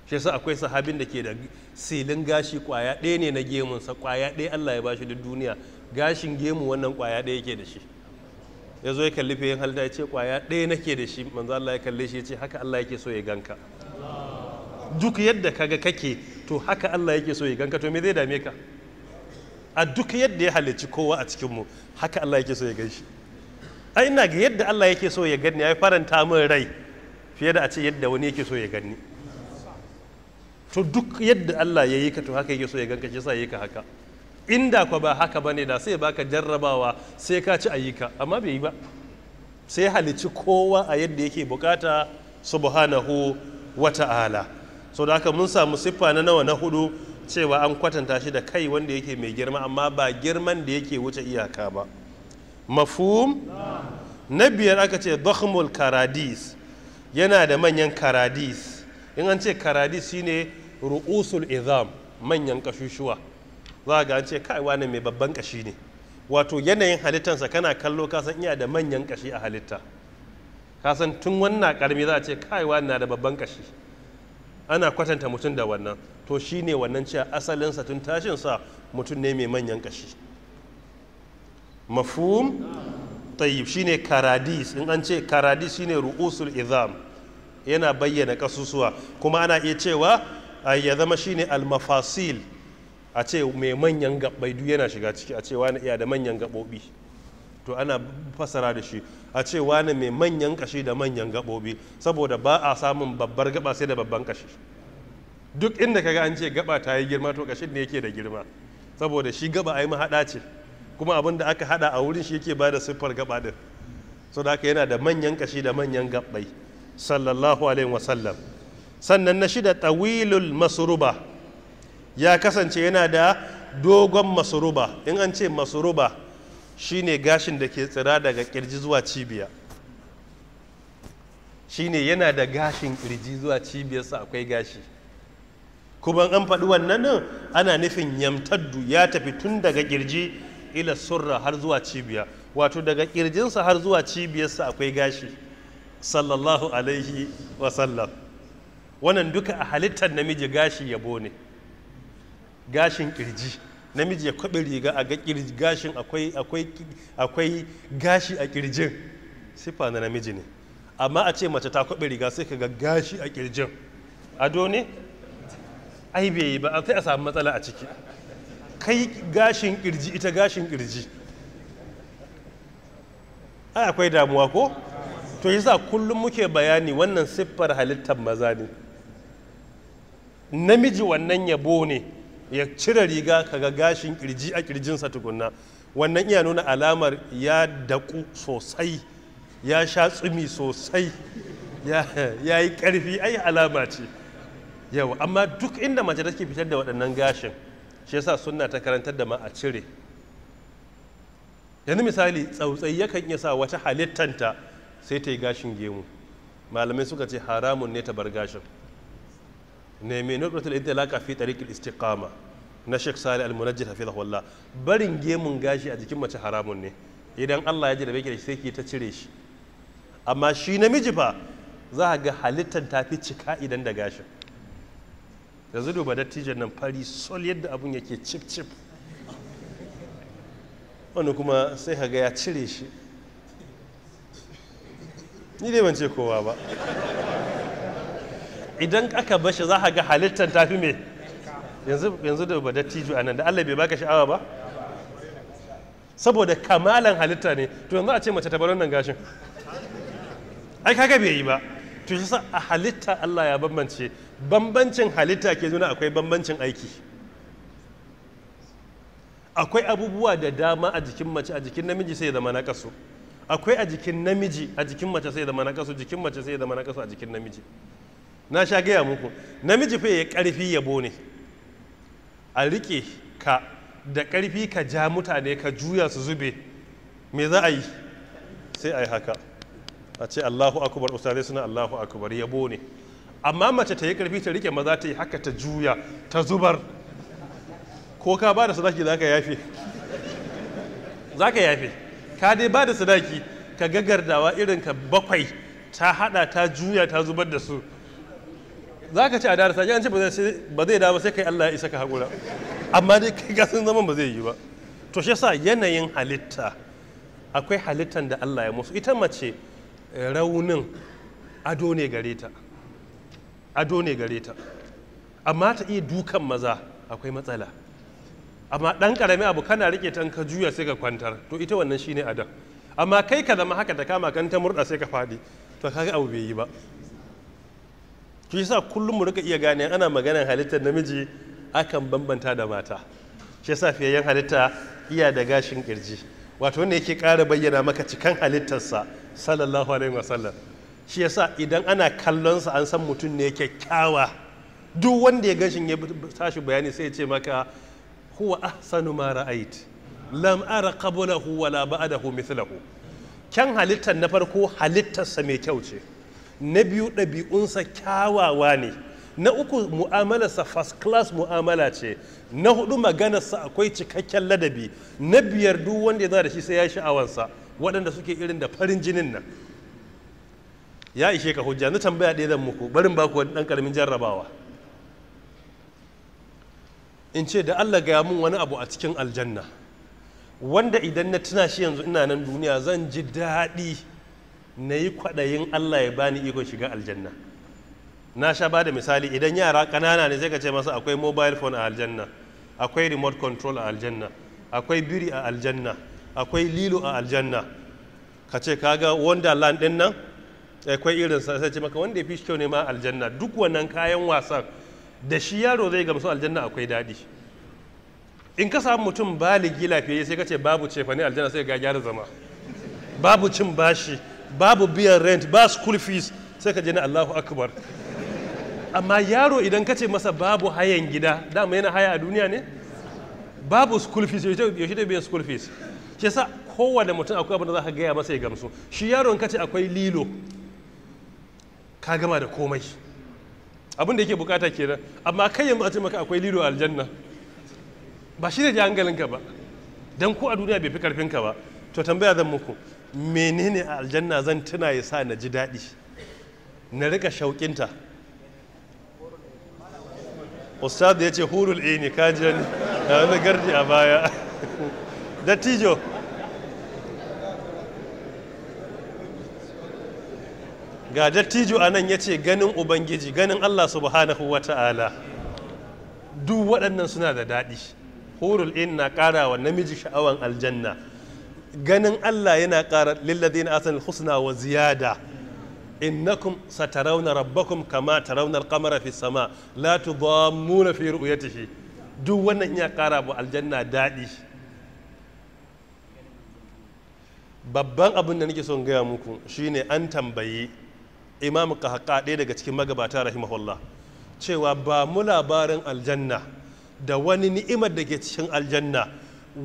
shi yasa akwai sahabin da ke da silin gashi kwaya ɗaya ne na gemunsa kwaya ɗaya Allah ya bashi duk duniya gashin gemu wannan kwaya ɗaya yake da shi ya zo ya kalli fiyin halda ya ce kwaya ɗaya nake da shi manzo Allah ya kalle shi ya ce haka Allah yake so ya ganka duk yadda kaga kake to haka Allah yake so ya ganka to me zai dame ka a duk yadda ya halicci kowa a cikin mu haka Allah yake so ya gan shi ai ina ga yadda Allah yake so ya gani ya faranta min rai fiye da a ce yadda wani yake so ya gani to duk yadda Allah ya yi ka to haka yake so ya ganka shi sa yi ka haka inda kwa ba haka bane da sai baka jarrabawa sai ka ci ayyuka amma bai yi ba sai halici kowa a yadda yake bukata subhanahu wa ta'ala so da haka mun samu siffa na nawa na hudu cewa an kwatanta shi da kai wanda yake mai girma amma ba girman da yake wuce iyaka ba mafhum na biyar aka ce dakhmul karadis yana da manyan karadis in an ce karadis shine ru'usul izam manyan kashushuwa za ga an ce kai wani mai babban kashi ne wato yanayin halittansa kana kallo ka san iya da manyan kashi a halitta ka san tun wannan karmi za a ce kai wani na da babban kashi ana kwatanta mutum da wannan to shine wannan cewa asalinsa tun tashin sa mutum ne mai manyan kashi mafhum tayyib shine karadis in an ce karadis shine ru'usul izam yana bayyana kasusuwa kuma ana iya cewa ya zama shine almafasil a ce mai manyan gabbai duk yana shiga ciki a ce wani iya da manyan gabobi to ana fasara da shi a ce wani mai manyan kashi da manyan gabobi saboda ba a samun babbar gaba sai da babban kashi duk inda kaga an ce gaba ta yi girma to kashin ne yake da girma saboda shi gaba ai mahada ce kuma abin da aka haɗa a wurin shi yake ba da siffar gaba din so da haka yana da manyan kashi da manyan gabbai sallallahu alaihi wasallam sannan na shida tawilul masuruba ya kasance yana da dogon masuruba in an ce masuruba shine gashin da ke tsira daga kirji zuwa cibiya shine yana da gashin kirji zuwa cibiyarsa akwai gashi kuma an faɗi wannan nan ana nufin yamtaddu ya tafi tun daga kirji ila surra har zuwa cibiya wato daga kirjinsa har zuwa cibiyarsa akwai gashi sallallahu alaihi wasallam wannan duka a halittar namiji gashi yabo ne gashin kirji namiji ya kwaɓe riga a gashin akwai gashi a kirjin sifa na namiji ne amma a ce mace ta kwaɓe riga sai ka ga gashi a kirjin ado ne ai bai yi ba sai a samu matsala a ciki kai gashin kirji ita gashin kirji ai akwai damuwa ko to yasa kullum muke bayani wannan siffar halittar maza ne namiji wannan yabo ne ya cire riga kaga gashin kirji a kirjinsa tukunna wannan iya nuna alamar ya daku sosai ya sha tsumi sosai ya yi ƙarfi ai alama ce yau amma duk inda mace take fitar da waɗannan gashin shi yasa sunna ta karantar da ma a cire yanzu misali tsautsayi yakan iya sa wata halittanta sai ta yi gashin gemu malamai suka ce haramun ne ta bar gashin nemi nukratul intilaka fi tariqil istiqama na shek sali al hafi zahwallah barin gemun gashi a jikin mace haramun ne idan Allah ya ji da bai da shi sai ki ta cire shi amma shi namiji ba za a ga halittar ta fi cika idan da gashin yanzu duba dattijan nan fari sol yadda abun yake cip cip wani kuma sai ka ga ya cire shi ni dai ban ce kowa ba idan aka shi za ka ga halittar tafi me yanzu da ba dattijo a nan da Allah bai baka sha'awa ba saboda kamalan halitta ne to yanzu a ce mace ta bar nan gashin ai kaga bai yi ba to shi sa a halitta Allah ya bambance bambancin halitta ke zuna akwai bambancin aiki akwai abubuwa da dama a jikin mace a jikin namiji sai zama na kaso akwai a jikin namiji a jikin mace sai zama na kaso jikin mace sai zama na kaso a jikin namiji na sha gaya muku namiji fa ya karfi yabo ne a rike ka da karfi ka ja mutane ka juya su zube me za a yi sai a yi haka a ce allahu akubar usare suna allahu akubar yabo ne amma mace ta yi karfi ta rike maza ta yi haka ta juya ta zubar ko ka ba da sadaki za ka yafe za ka yafe ka dai ba da sadaki ka gagardawa irin ka bakwai ta hada ta juya ta zubar da su za ka ci a darasa yan ce ba zai dawo sai kai Allah ya isa ka haƙura amma dai kai gasin zaman ba zai yi ba to shi sa yanayin halitta akwai halittan da Allah ya musu ita mace raunin ado ne gare ta ado ne gare ta amma ta iya dukan maza akwai matsala amma ɗan ƙarami abu kana rike ta ka juya sai ka kwantar to ita wannan shine adam amma kai ka zama haka ta kama kan ta murɗa sai ka faɗi to kaga abu bai yi ba shi yasa kullum mu rika iya gane ana maganar halittar namiji akan bambanta da mata shi yasa fiyayyen halitta iya da gashin kirji wato wanda yake ƙara bayyana maka cikan halittarsa sallallahu alaihi wasallam shi yasa idan ana kallonsa an san mutum ne kyakkyawa duk wanda ya gashin ya tashi bayani sai ya ce maka huwa ahsanu ma ra'ait lam ara qablahu wala ba'dahu mithlahu kyan halittar na farko halittarsa mai kyau ce na biyu ɗabi'unsa kyawawa ne na uku mu'amalarsa first class mu'amala ce na hudu maganarsa akwai cikakken ladabi na biyar duk wanda ya da shi sai ya yi sha'awansa waɗanda suke irin da farin jinin nan ya ishe ka hujja na tambaya ɗaya zan muku barin ba ku ɗan ƙaramin jarrabawa in ce da Allah gaya mun wani abu a cikin aljanna wanda idan na tuna shi yanzu ina nan duniya zan ji daɗi na yi kwaɗayin Allah ya bani iko shiga aljanna na sha ba da misali idan yara ƙanana ne zai ka ce masa akwai mobile phone a aljanna akwai remote control a aljanna akwai biri a aljanna akwai lilo a aljanna ka ce kaga wonderland ɗin nan akwai irin sai ce maka wanda ya fi kyau ne ma aljanna duk wannan kayan wasan da shi yaro zai gamsu aljanna akwai daɗi in ka samu mutum baligi lafiyayye sai ka ce babu cefane aljanna sai ga gyara zama babu cin bashi babu biyan rent ba school fees sai ka je na Allahu akbar amma yaro idan ka ce masa babu hayan gida dama yana haya a duniya ne babu school fees yaushe da biyan school fees shi sa kowane mutum akwai abin da za ka gaya masa ya gamsu shi yaro ka ce akwai lilo ka gama da komai abin da yake bukata kenan amma kai yanzu a ce maka akwai lilo aljanna ba shi ne ji hankalinka ba dan ko a duniya bai fi karfinka ba to tambaya zan muku menene a aljanna zan tuna ya sa na ji daɗi na rika shauƙinta ustad ya ce hurul ne kajiyar na wani gardi a baya dattijo ga dattijo a nan ya ce ganin ubangiji ganin allah subhanahu wa ta'ala duk waɗannan suna da daɗi hurul in na ƙara wa namiji sha'awan aljanna ganin Allah yana ƙara lillazina asanil husna wa ziyada innakum satarauna rabbakum kama tarawna al fi sama la tudammuna fi ru'yatihi duk wannan ya ƙara bu aljanna daɗi babban abin da nake son gaya muku shine an tambayi imam kahaka ɗaya daga cikin magabata rahimahullah cewa ba mu labarin aljanna da wani ni'imar da ke cikin aljanna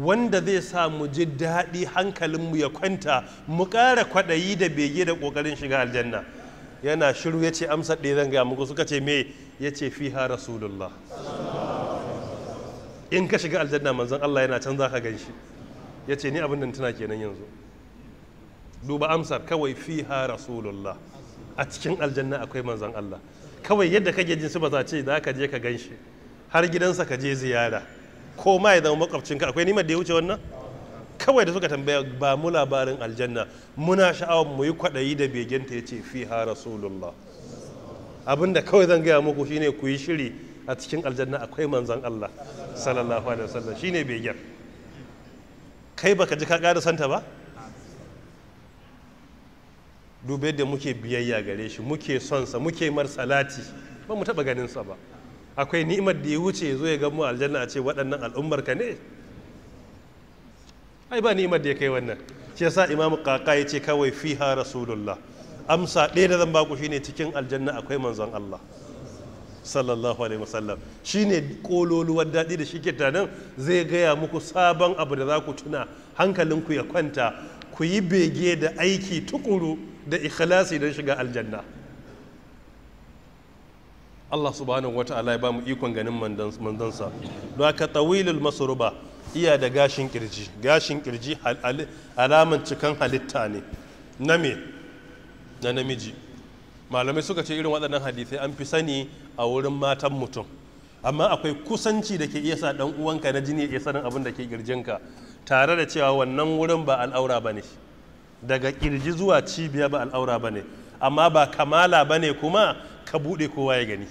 wanda zai sa mu ji daɗi hankalinmu ya kwanta mu ƙara kwaɗayi da bege da ƙoƙarin shiga aljanna yana shiru ya ce amsa ɗaya zan gaya muku suka ce me ya ce fi ha rasulullah in ka shiga aljanna manzon Allah yana can za ka gan shi ya ce ni abin da tuna kenan yanzu duba amsar kawai fi ha rasulullah a cikin aljanna akwai manzon Allah kawai yadda kake jin su ba za ce za ka je ka gan shi har gidansa ka je ziyara ko ma ya zama makwabcinka akwai nimar da ya wuce wannan kawai da suka tambaya ba mu labarin aljanna muna sha'awar mu yi kwaɗayi da ta ya ce fi ha rasulullah abinda kawai zan gaya muku shine ku yi shiri a cikin aljanna akwai manzan Allah sallallahu alaihi wasallam shine begen kai baka ji ka ƙara santa ba dubai da muke biyayya gare shi muke son sa muke mar salati ba mu taɓa ganin sa ba akwai ni'imar da ya wuce ya zo ya gamu aljanna a ce waɗannan al'ummar ka ne ai ba ni'imar da ya kai wannan shi yasa imamu kaka ya ce kawai fiha rasulullah amsa ɗaya da zan baku shine cikin aljanna akwai manzon Allah sallallahu alaihi wasallam shine kololuwar daɗi da shike nan zai gaya muku sabon abu da za ku tuna hankalinku ya kwanta ku yi bege da aiki tukuru da ikhlasi don shiga aljanna Allah subhanahu ta'ala ya ba mu ikon ganin mandansa don aka tawilul masruba iya da gashin kirji gashin kirji alaman cikan halitta ne na me na namiji malamai suka ce irin waɗannan hadisai an fi sani a wurin matan mutum amma akwai kusanci da ke iya sa ɗan uwanka na jini ya sanin abin da ke kirjinka tare da cewa wannan wurin ba al'aura ba ne daga kirji zuwa cibiya ba al'aura ba ne amma ba kamala ba ne kuma ka buɗe kowa ya gani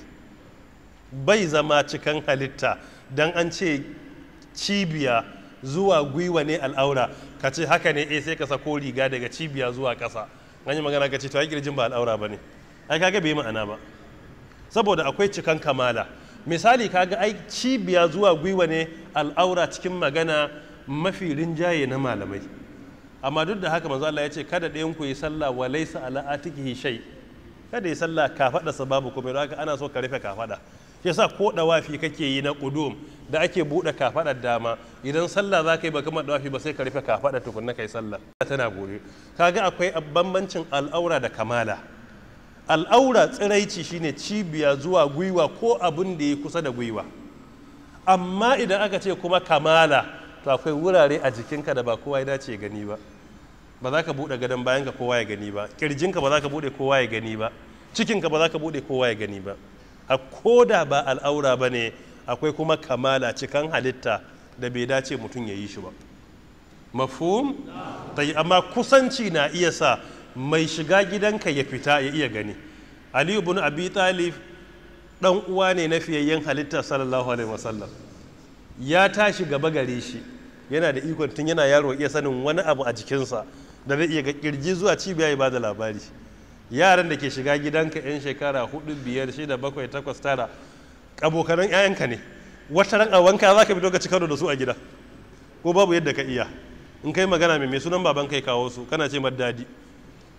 bai zama cikan halitta don an ce cibiya zuwa gwiwa ne al'aura ka ce haka ne eh sai ka sako riga daga cibiya zuwa ƙasa an yi magana ka ce to ai kirjin ba al'aura ba ne ai kaga bai ma'ana ba saboda akwai cikan kamala misali kaga ai cibiya zuwa gwiwa ne al'aura cikin magana mafi rinjaye na malamai amma duk da haka manzo Allah ya ce kada ɗayan ku yi sallah wa laysa ala atikihi shay kada yi sallah kafadarsa babu kuma haka ana so ka rufe kafaɗa. yasa ko dawafi kake yi na kudum da ake buɗe kafaɗar dama idan sallah za ka yi ba kama dawafi ba sai ka rufe kafaɗar na kai sallah tana gobe kaga akwai bambancin al'aura da kamala al'aura tsiraici shine cibiya zuwa gwiwa ko abin da ya kusa da gwiwa amma idan aka ce kuma kamala to akwai wurare a jikinka da ba kowa ya dace gani ba ba za ka buɗe gadon bayan ka kowa ya gani ba kirjinka ba za ka buɗe kowa ya gani ba cikinka ba za ka buɗe kowa ya gani ba a koda ba al'aura ba ne akwai kuma kamala cikan halitta da bai dace mutum ya yi shi ba mafhum yi amma kusanci na iya sa mai shiga gidanka ya fita ya iya gani Aliyu ibn abi talib dan uwa ne na fiyayyen halitta sallallahu alaihi wasallam ya tashi gaba gare shi yana da ikon tun yana yaro iya sanin wani abu a jikinsa da zai iya ga kirji zuwa cibiya ya da labari yaran da ke shiga gidanka 'yan shekara 4 biyar shida bakwai takwas tara abokanan 'ya'yanka ne wata ran a wanka za ka bi lokaci karo da su a gida ko babu yadda ka iya in kai magana mai sunan baban kai kawo su kana ce mar dadi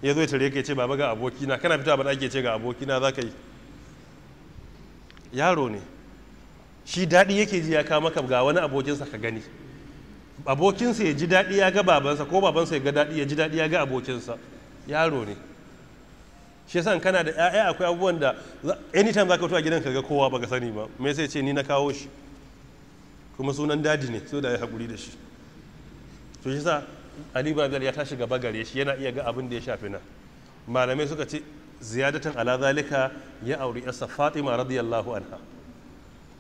ya zo ya tare ka ce baba ga abokina kana fito ba ake ce ga abokina za ka yi yaro ne shi daɗi yake ji ya kawo maka ga wani abokinsa ka gani abokinsa ya ji daɗi ya ga babansa ko babansa ya ga daɗi ya ji daɗi ya ga abokinsa yaro ne shi yasa kana da ƴaƴa akwai abubuwan da anytime zaka fito a gidan ka ga kowa baka sani ba me sai ce ni na kawo shi kuma sunan dadi ne so da ya haƙuri da shi to shi yasa Ali bin ya tashi gaba gare shi yana iya ga abin da ya shafi na malamai suka ce ziyadatan ala zalika ya auri yarsa Fatima radiyallahu anha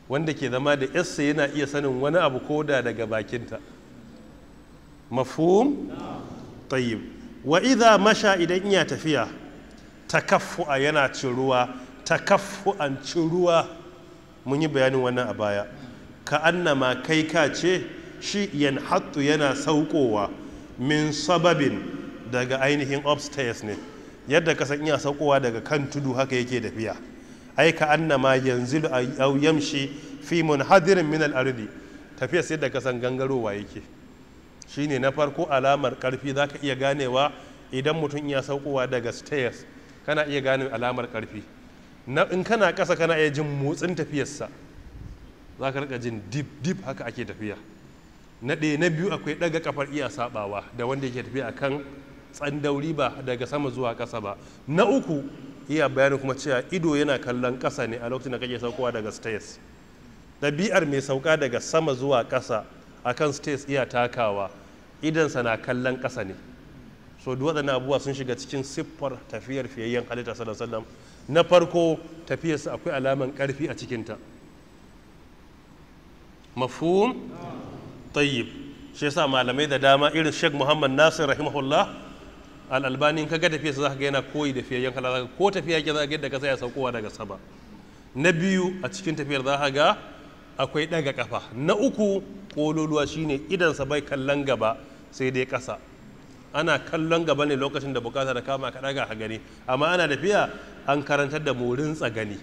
wanda ke zama da yarsa yana iya sanin wani abu ko da daga bakinta mafhum tayyib wa idha masha idan iya tafiya takaffu'a yana ciruwa takaffu'an ruwa mun yi bayanin wannan a baya ka annama kai ka ce shi yan hattu yana saukowa min sababin daga ainihin upstairs ne yadda ka iya saukowa daga kan tudu haka yake tafiya ai ka annama yanzu au yamshi fi hadirin min arzi tafiya sai da ka gangarowa yake shine na farko alamar karfi zaka iya ganewa idan mutum iya saukowa daga stairs kana iya gane alamar karfi na in kana ƙasa kana iya jin motsin tafiyarsa za ka rika jin dip dip haka ake tafiya na ɗaya na biyu akwai ɗaga kafar iya sabawa da wanda yake tafiya akan tsandauri ba daga sama zuwa ƙasa ba na uku iya bayani kuma cewa ido yana kallon ƙasa ne a lokacin da kake saukowa daga stairs ɗabi'ar mai sauka daga sama zuwa ƙasa akan stairs iya takawa idansa na kallon ƙasa ne so duk waɗannan abubuwa sun shiga cikin siffar tafiyar fiyayyen halitta sallallahu alaihi wasallam na farko tafiyarsa akwai alaman karfi a cikinta mafhum tayyib shi yasa malamai da dama irin Sheikh Muhammad Nasir rahimahullah al-Albani ka ga tafiyarsa zaka ga yana koyi da fiyayyen halitta ko tafiya yake zaka ga yadda kasa ya saukowa daga saba na biyu a cikin tafiyar zaka ga akwai daga kafa na uku kololuwa shine idan sa bai kallon gaba sai dai ƙasa. ana kallon gaba ne lokacin da bukata da kama ka ɗaga hagani amma ana tafiya an karantar da murin tsagani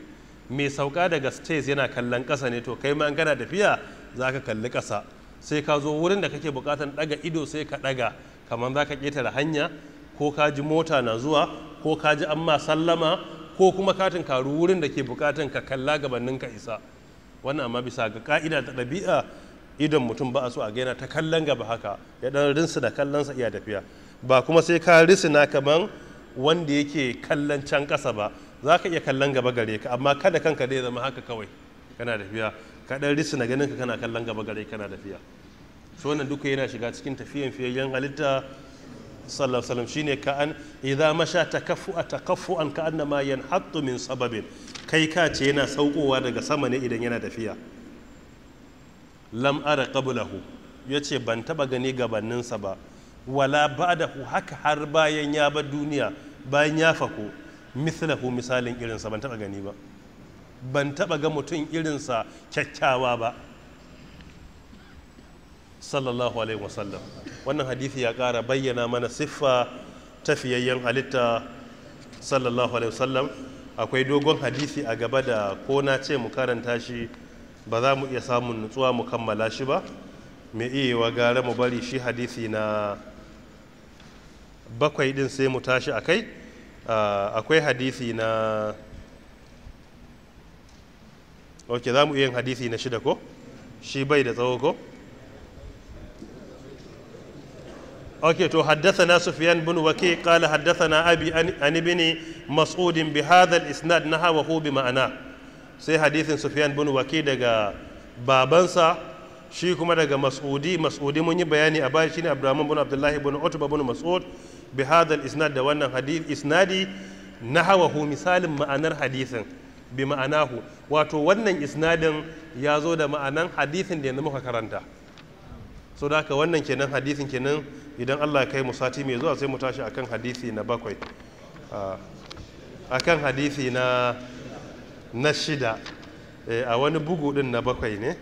mai sauka daga stage yana kallon ƙasa ne to kai ma an da tafiya za ka kalli ƙasa sai ka zo wurin da kake bukatar ɗaga ido sai ka ɗaga kamar za ka ƙetare hanya ko ka ji mota na zuwa ko ka ji an ma sallama ko kuma katin karu wurin da ke bukatar ka kalla gabanin ka isa wannan amma bisa ga ka'ida ta ɗabi'a idon mutum ba a so a gaina ta kallon gaba haka ya dan rinsu da kallonsa iya tafiya ba kuma sai ka na kaman wanda yake kallon can ƙasa ba za ka iya kallon gaba gare ka amma kada kanka dai zama haka kawai kana tafiya ka dan na ganin ka kana kallon gaba gare kana tafiya so wannan duka yana shiga cikin tafiyan fiyayyen halitta sallallahu alaihi wasallam shine ka an idza masha takaffu atakaffu an ka annama yanhattu min sababin kai ka ce yana saukowa daga sama ne idan yana tafiya lam ara qablahu yace ban taba gani gabaninsa ba wala ba'dahu haka har bayan ya ba duniya bayan ya fako mithlahu misalin irinsa ban taba gani ba ban taba ga mutum irinsa kyakkyawa ba sallallahu alaihi wasallam wannan hadithi ya kara bayyana mana siffa tafiyayyen halitta sallallahu alaihi wasallam akwai dogon hadithi a gaba da ko na ce mu karanta shi ba za mu iya samun nutsuwa mu kammala shi ba mai wa gara mu bari shi hadisi na bakwai din sai mu tashi a kai ah, akwai hadisi na ok za mu iya yin hadisi na shida ko shi bai da tsawo ko to haddasa na sufiyan اوكي تو حدثنا سفيان بن وكيع قال حدثنا ابي عن isnad na hawa hu bi ma'ana. sai hadithin sufyan bin waki daga babansa shi kuma daga mas'udi mas'udi mun yi bayani a baya shine abdurrahman bin abdullahi bin utba bin mas'ud bi hadal isnad da wannan hadith isnadi nahawahu misalin ma'anar hadithin bi ma'anahu wato wannan isnadin ya zo da ma'anan hadithin da yanzu muka karanta so da haka wannan kenan hadithin kenan idan Allah ya kai mu sati mai zuwa sai mu tashi akan hadisi na bakwai ah, akan hadisi na na shida eh, a wani bugu din na bakwai ne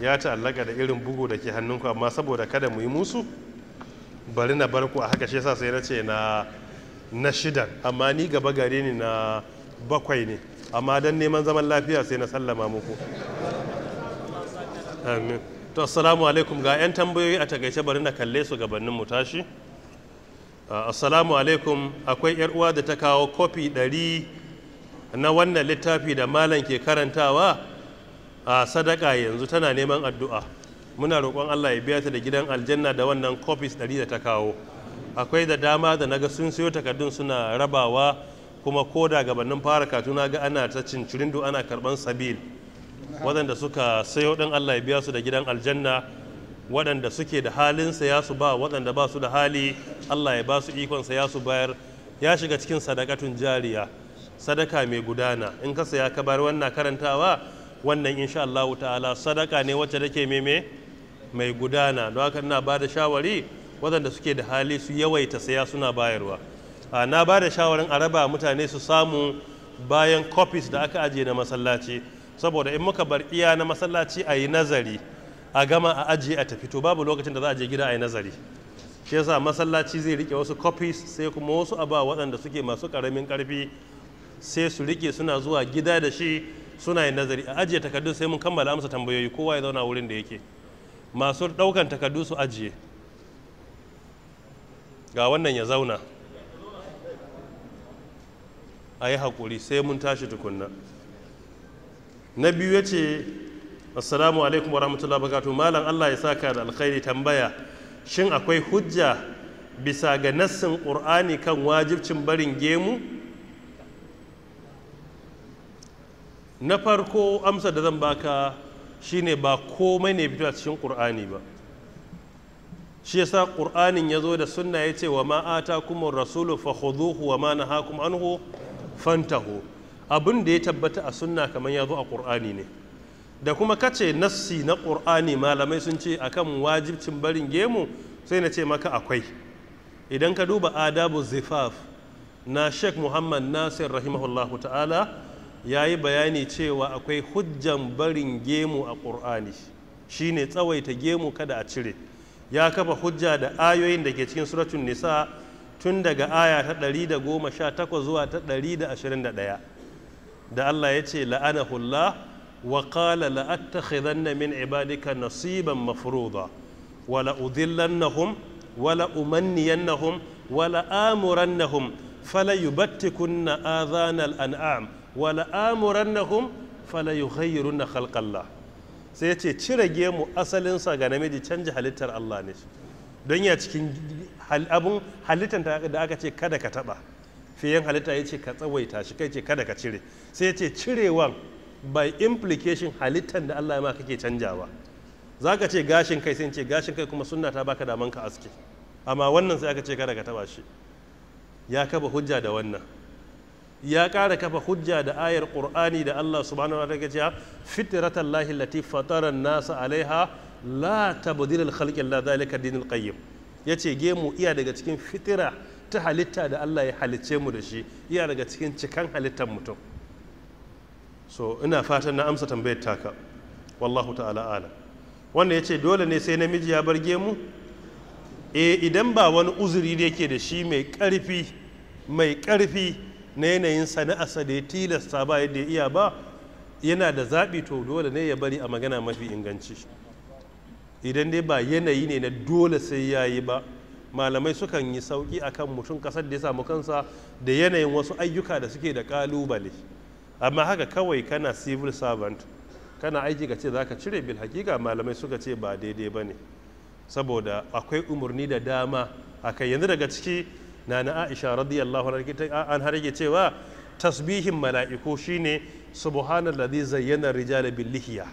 ya ta'allaka da irin bugu da ke hannunku amma saboda kada mu yi musu bari na barku a haka shi yasa sai na ce na na shida amma ni gaba gare ni na bakwai ne amma don neman zaman lafiya sai na sallama muku amin to assalamu alaikum ga 'yan tambayoyi a takaice bari na kalle su gabanin mu tashi ah, assalamu alaikum akwai 'yar uwa da ta kawo kofi ɗari na wannan littafi da malam ke karantawa a sadaka yanzu tana neman addu'a muna roƙon Allah ya biya ta da gidan aljanna da wannan kofis ɗari da ta kawo akwai da dama da naga sun siyo takardun suna rabawa kuma ko da gabanin fara katuna ga ana ta cincirindo ana karban sabil waɗanda suka sayo ɗin Allah ya biya su da gidan aljanna waɗanda suke da halin saya su ba waɗanda ba su da hali Allah ya ba su ikon saya su bayar ya shiga cikin sadakatun jariya sadaka mai gudana in ka saya ka bar wannan karantawa wannan insha Allah ta'ala sadaka ne wacce take meme mai gudana don haka ina ba da shawari waɗanda suke da hali su yawaita saya suna bayarwa na bada da shawarin a raba mutane su samu bayan copies da aka ajiye na masallaci saboda in muka bar iya na masallaci a yi nazari a gama a ajiye a tafi to babu lokacin da za a je gida a nazari shi yasa masallaci zai rike wasu copies sai kuma wasu ba waɗanda suke masu ƙaramin ƙarfi sai su rike suna zuwa gida da shi suna yin nazari a ajiye takardu sai mun kammala amsa tambayoyi kowa ya zauna wurin da yake masu ɗaukan takardu su ajiye ga wannan ya zauna a yi haƙuri sai mun tashi tukunna na biyu ya ce assalamu alaikum wa rahmatullahi bakatu malam allah ya sa ka da alkhairi tambaya shin akwai hujja bisa ga nassin ƙur'ani kan wajibcin barin gemu na farko amsa da zan baka shine ba komai ne fito a cikin ƙur'ani ba shi yasa ƙur'anin ya zo da sunna ya ce wa ma'ata kuma rasulu fa khuduhu wa ma nahakum anhu fantahu abin da ya tabbata a sunna kamar ya zo a ƙur'ani ne da kuma kace nassi na ƙur'ani malamai sun ce akan wajibcin barin gemu sai na ce maka akwai idan ka duba adabu zifaf na sheikh muhammad nasir rahimahullahu ta'ala ya yi bayani cewa akwai hujjan barin gemu a ƙur'ani shine tsawaita gemu kada a cire ya kafa hujja da ayoyin da ke cikin suratun nisa tun daga aya ta 118 zuwa ta 121 da Allah ya ce la'anahullah wa qala la'attakhidanna min ibadika nasiban mafruḍa wa la'udhillannahum wa la'umanniyannahum wa la'amurannahum falayubattikunna adhanal an'am wala amurannahum na na khalqallah sai ce cire gemu asalinsa ga namiji canji halittar Allah ne don ya cikin abun halittar da aka ce kada ka taba fiye halitta ya ce ka tsawaita shi kai ce kada ka cire sai ya ce cirewan by implication halittar da Allah ya ma kake canjawa za ka ce gashin kai sai ce gashin kai kuma sunna ta baka daman ka aske amma wannan sai aka ce kada ka taba shi ya kaba hujja da wannan ya ƙara kafa hujja da ayar ƙur'ani da Allah subhanahu wa ta'ala ya fitratan lahi lati fatara nasa alaiha la tabdil al khalqi la zalika dinul qayyim yace gemu iya daga cikin fitira ta halitta da Allah ya halicce mu da shi iya daga cikin cikan halittar mutum so ina fatan na amsa tambayar taka wallahu ta'ala ala wanda yace dole ne sai namiji ya bar gemu eh idan ba wani uzuri da yake da shi mai ƙarfi mai ƙarfi na yanayin sana'arsa da ya tilasta ba yadda ya iya ba yana da zaɓi to dole ne ya bari a magana mafi inganci idan dai ba yanayi ne na dole sai ya yi ba malamai sukan yi sauƙi a kan mutum ƙasar da ya samu kansa da yanayin wasu ayyuka da suke da ƙalubale amma haka kawai kana civil servant kana aiki ka ce za ka cire bil hakika malamai suka ce ba daidai ba ne saboda akwai umarni da dama a kai yanzu daga ciki na na aisha radiyallahu an har cewa tasbihin mala'iku shine subhanallazi zayyana rijala bil lihiya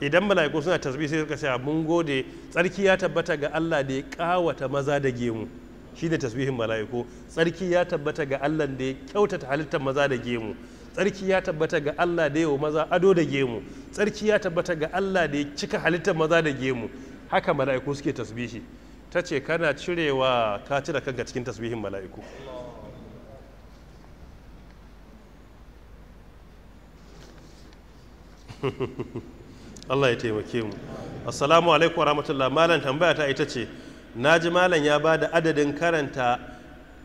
idan mala'iku suna tasbih sai suka sa mun gode tsarki ya tabbata ga Allah da ya kawata maza da gemu shine tasbihin mala'iku tsarki ya tabbata ga Allah da ya kyautata halittar maza da gemu tsarki ya tabbata ga Allah da ya wa maza ado da gemu tsarki ya tabbata ga Allah da ya cika halittar maza da gemu haka mala'iku suke tasbihi ta ce kana cirewa ka cire kanka cikin tasbihin mala'iku Allah ya taimake mu assalamu alaikum wa rahmatullah malam tambaya ta ita ce naji malam ya ba da adadin karanta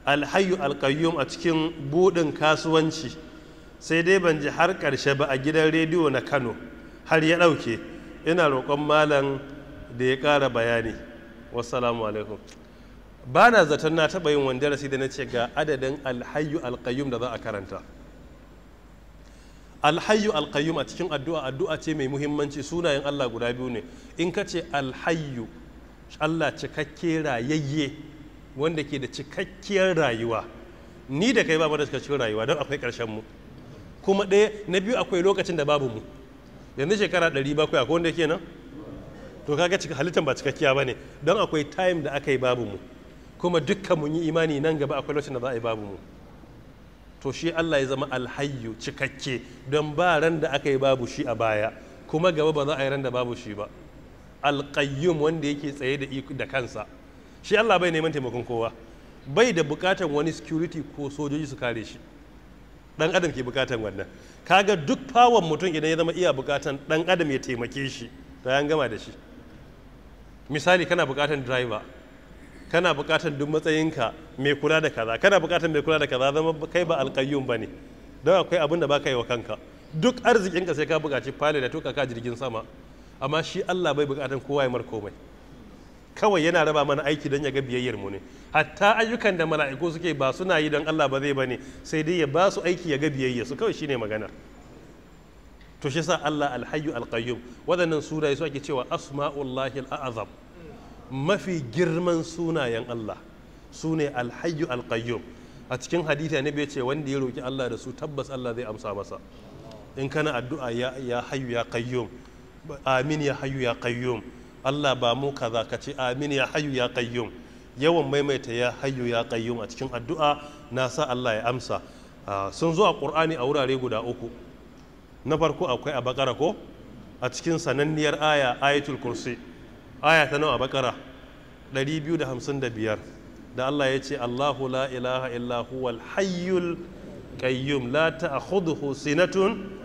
alhayu alkayyum a cikin budin kasuwanci sai dai ban ji har karshe ba a gidan rediyo na kano har ya ɗauke ina roƙon malam da ya ƙara bayani wassalamu alaikum ba na zaton na taɓa yin wanda darasi da na ce ga adadin alhayu alkayyum da za a karanta alhayu alkayyum a cikin addu'a addu'a ce mai muhimmanci sunayen allah guda biyu ne in ka ce alhayu allah cikakke rayayye wanda ke da cikakkiyar rayuwa ni da kai babu da cikakkiyar rayuwa don akwai ƙarshen mu kuma ɗaya na biyu akwai lokacin da babu mu yanzu shekara ɗari bakwai akwai wanda ke nan to kaga cikin halittar ba cikakkiya ba ne don akwai time da aka yi babu mu kuma dukkan mun yi imani nan gaba akwai lokacin da za a yi babu mu to shi Allah ya zama alhayyu cikakke don ba ran da aka yi babu shi a baya kuma gaba ba za a yi ran da babu shi ba alqayyum wanda yake tsaye da da kansa shi Allah bai neman taimakon kowa bai da bukatan wani security ko sojoji su kare shi dan adam ke bukatan wannan kaga duk fawon mutum idan ya zama iya bukatan dan adam ya taimake shi ta an gama da shi misali kana bukatar driver kana bukatan duk matsayinka mai kula da kaza kana bukatar mai kula da kaza zama kai ba alƙayyum ba ne don akwai abin da ba ka yi wa kanka duk arzikinka sai ka bukaci pilot da tuka ka jirgin sama amma shi Allah bai bukatar kowa ya mar komai kawai yana raba mana aiki don ya ga biyayyar mu ne hatta ayyukan da mala'iku suke ba suna yi don Allah ba zai ba ne sai dai ya ba su aiki ya ga biyayya su kawai shine maganar to shi sa Allah alhayyu alqayyum waɗannan sunaye su ake cewa asma'ullahi al'azam mafi girman sunayen Allah su ne alhayyu alqayyum a cikin hadisi annabi ce wanda ya roki Allah da su tabbas Allah zai amsa masa in kana addu'a ya ya hayyu ya qayyum amin ya hayyu ya qayyum Allah ba mu kaza ka ce amin ya hayyu ya qayyum yawan maimaita ya hayyu ya qayyum a cikin addu'a na sa Allah ya amsa ah, sun zo a Qur'ani a wurare guda uku na farko akwai a bakara ko a cikin sananniyar aya ayatul kursi aya ta nawa bakara 255 da Allah ya ce Allahu la ilaha illa huwal hayyul qayyum la ta'khudhuhu sinatun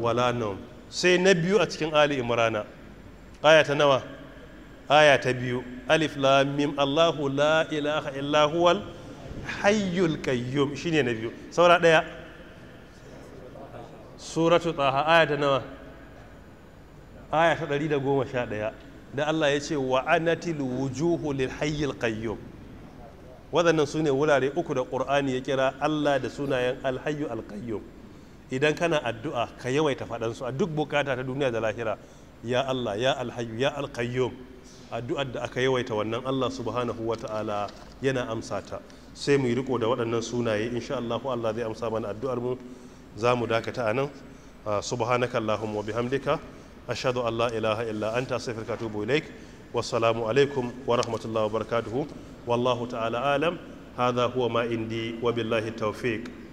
wala nawm sai na biyu a cikin ali imrana aya ta nawa aya ta biyu alif lam mim Allahu la ilaha illa huwal hayyul qayyum shine na biyu saura daya suratu taha aya ta nawa aya ta ɗari da Allah ya ce wa wujuhu lil hayyil qayyum waɗannan sune wurare uku da ƙur'ani ya kira Allah da sunayen alhayyu alkayyum idan kana addu'a ka yawaita faɗansu a duk bukata ta duniya da lahira ya Allah ya alhayyu ya alkayyum addu'ar da aka yawaita wannan Allah subhanahu wa ta'ala yana amsa ta sai mu yi riko da waɗannan sunaye insha Allah Allah zai amsa mana addu'ar mu za mu dakata a nan uh, subhanaka allahumma wa bihamdika ashadu allah la ilaha illa anta astaghfiruka wa atubu ilaik wassalamu alaikum wa rahmatullahi wa barakatuhu wallahu ta'ala alam hadha huwa ma indi wa billahi tawfiq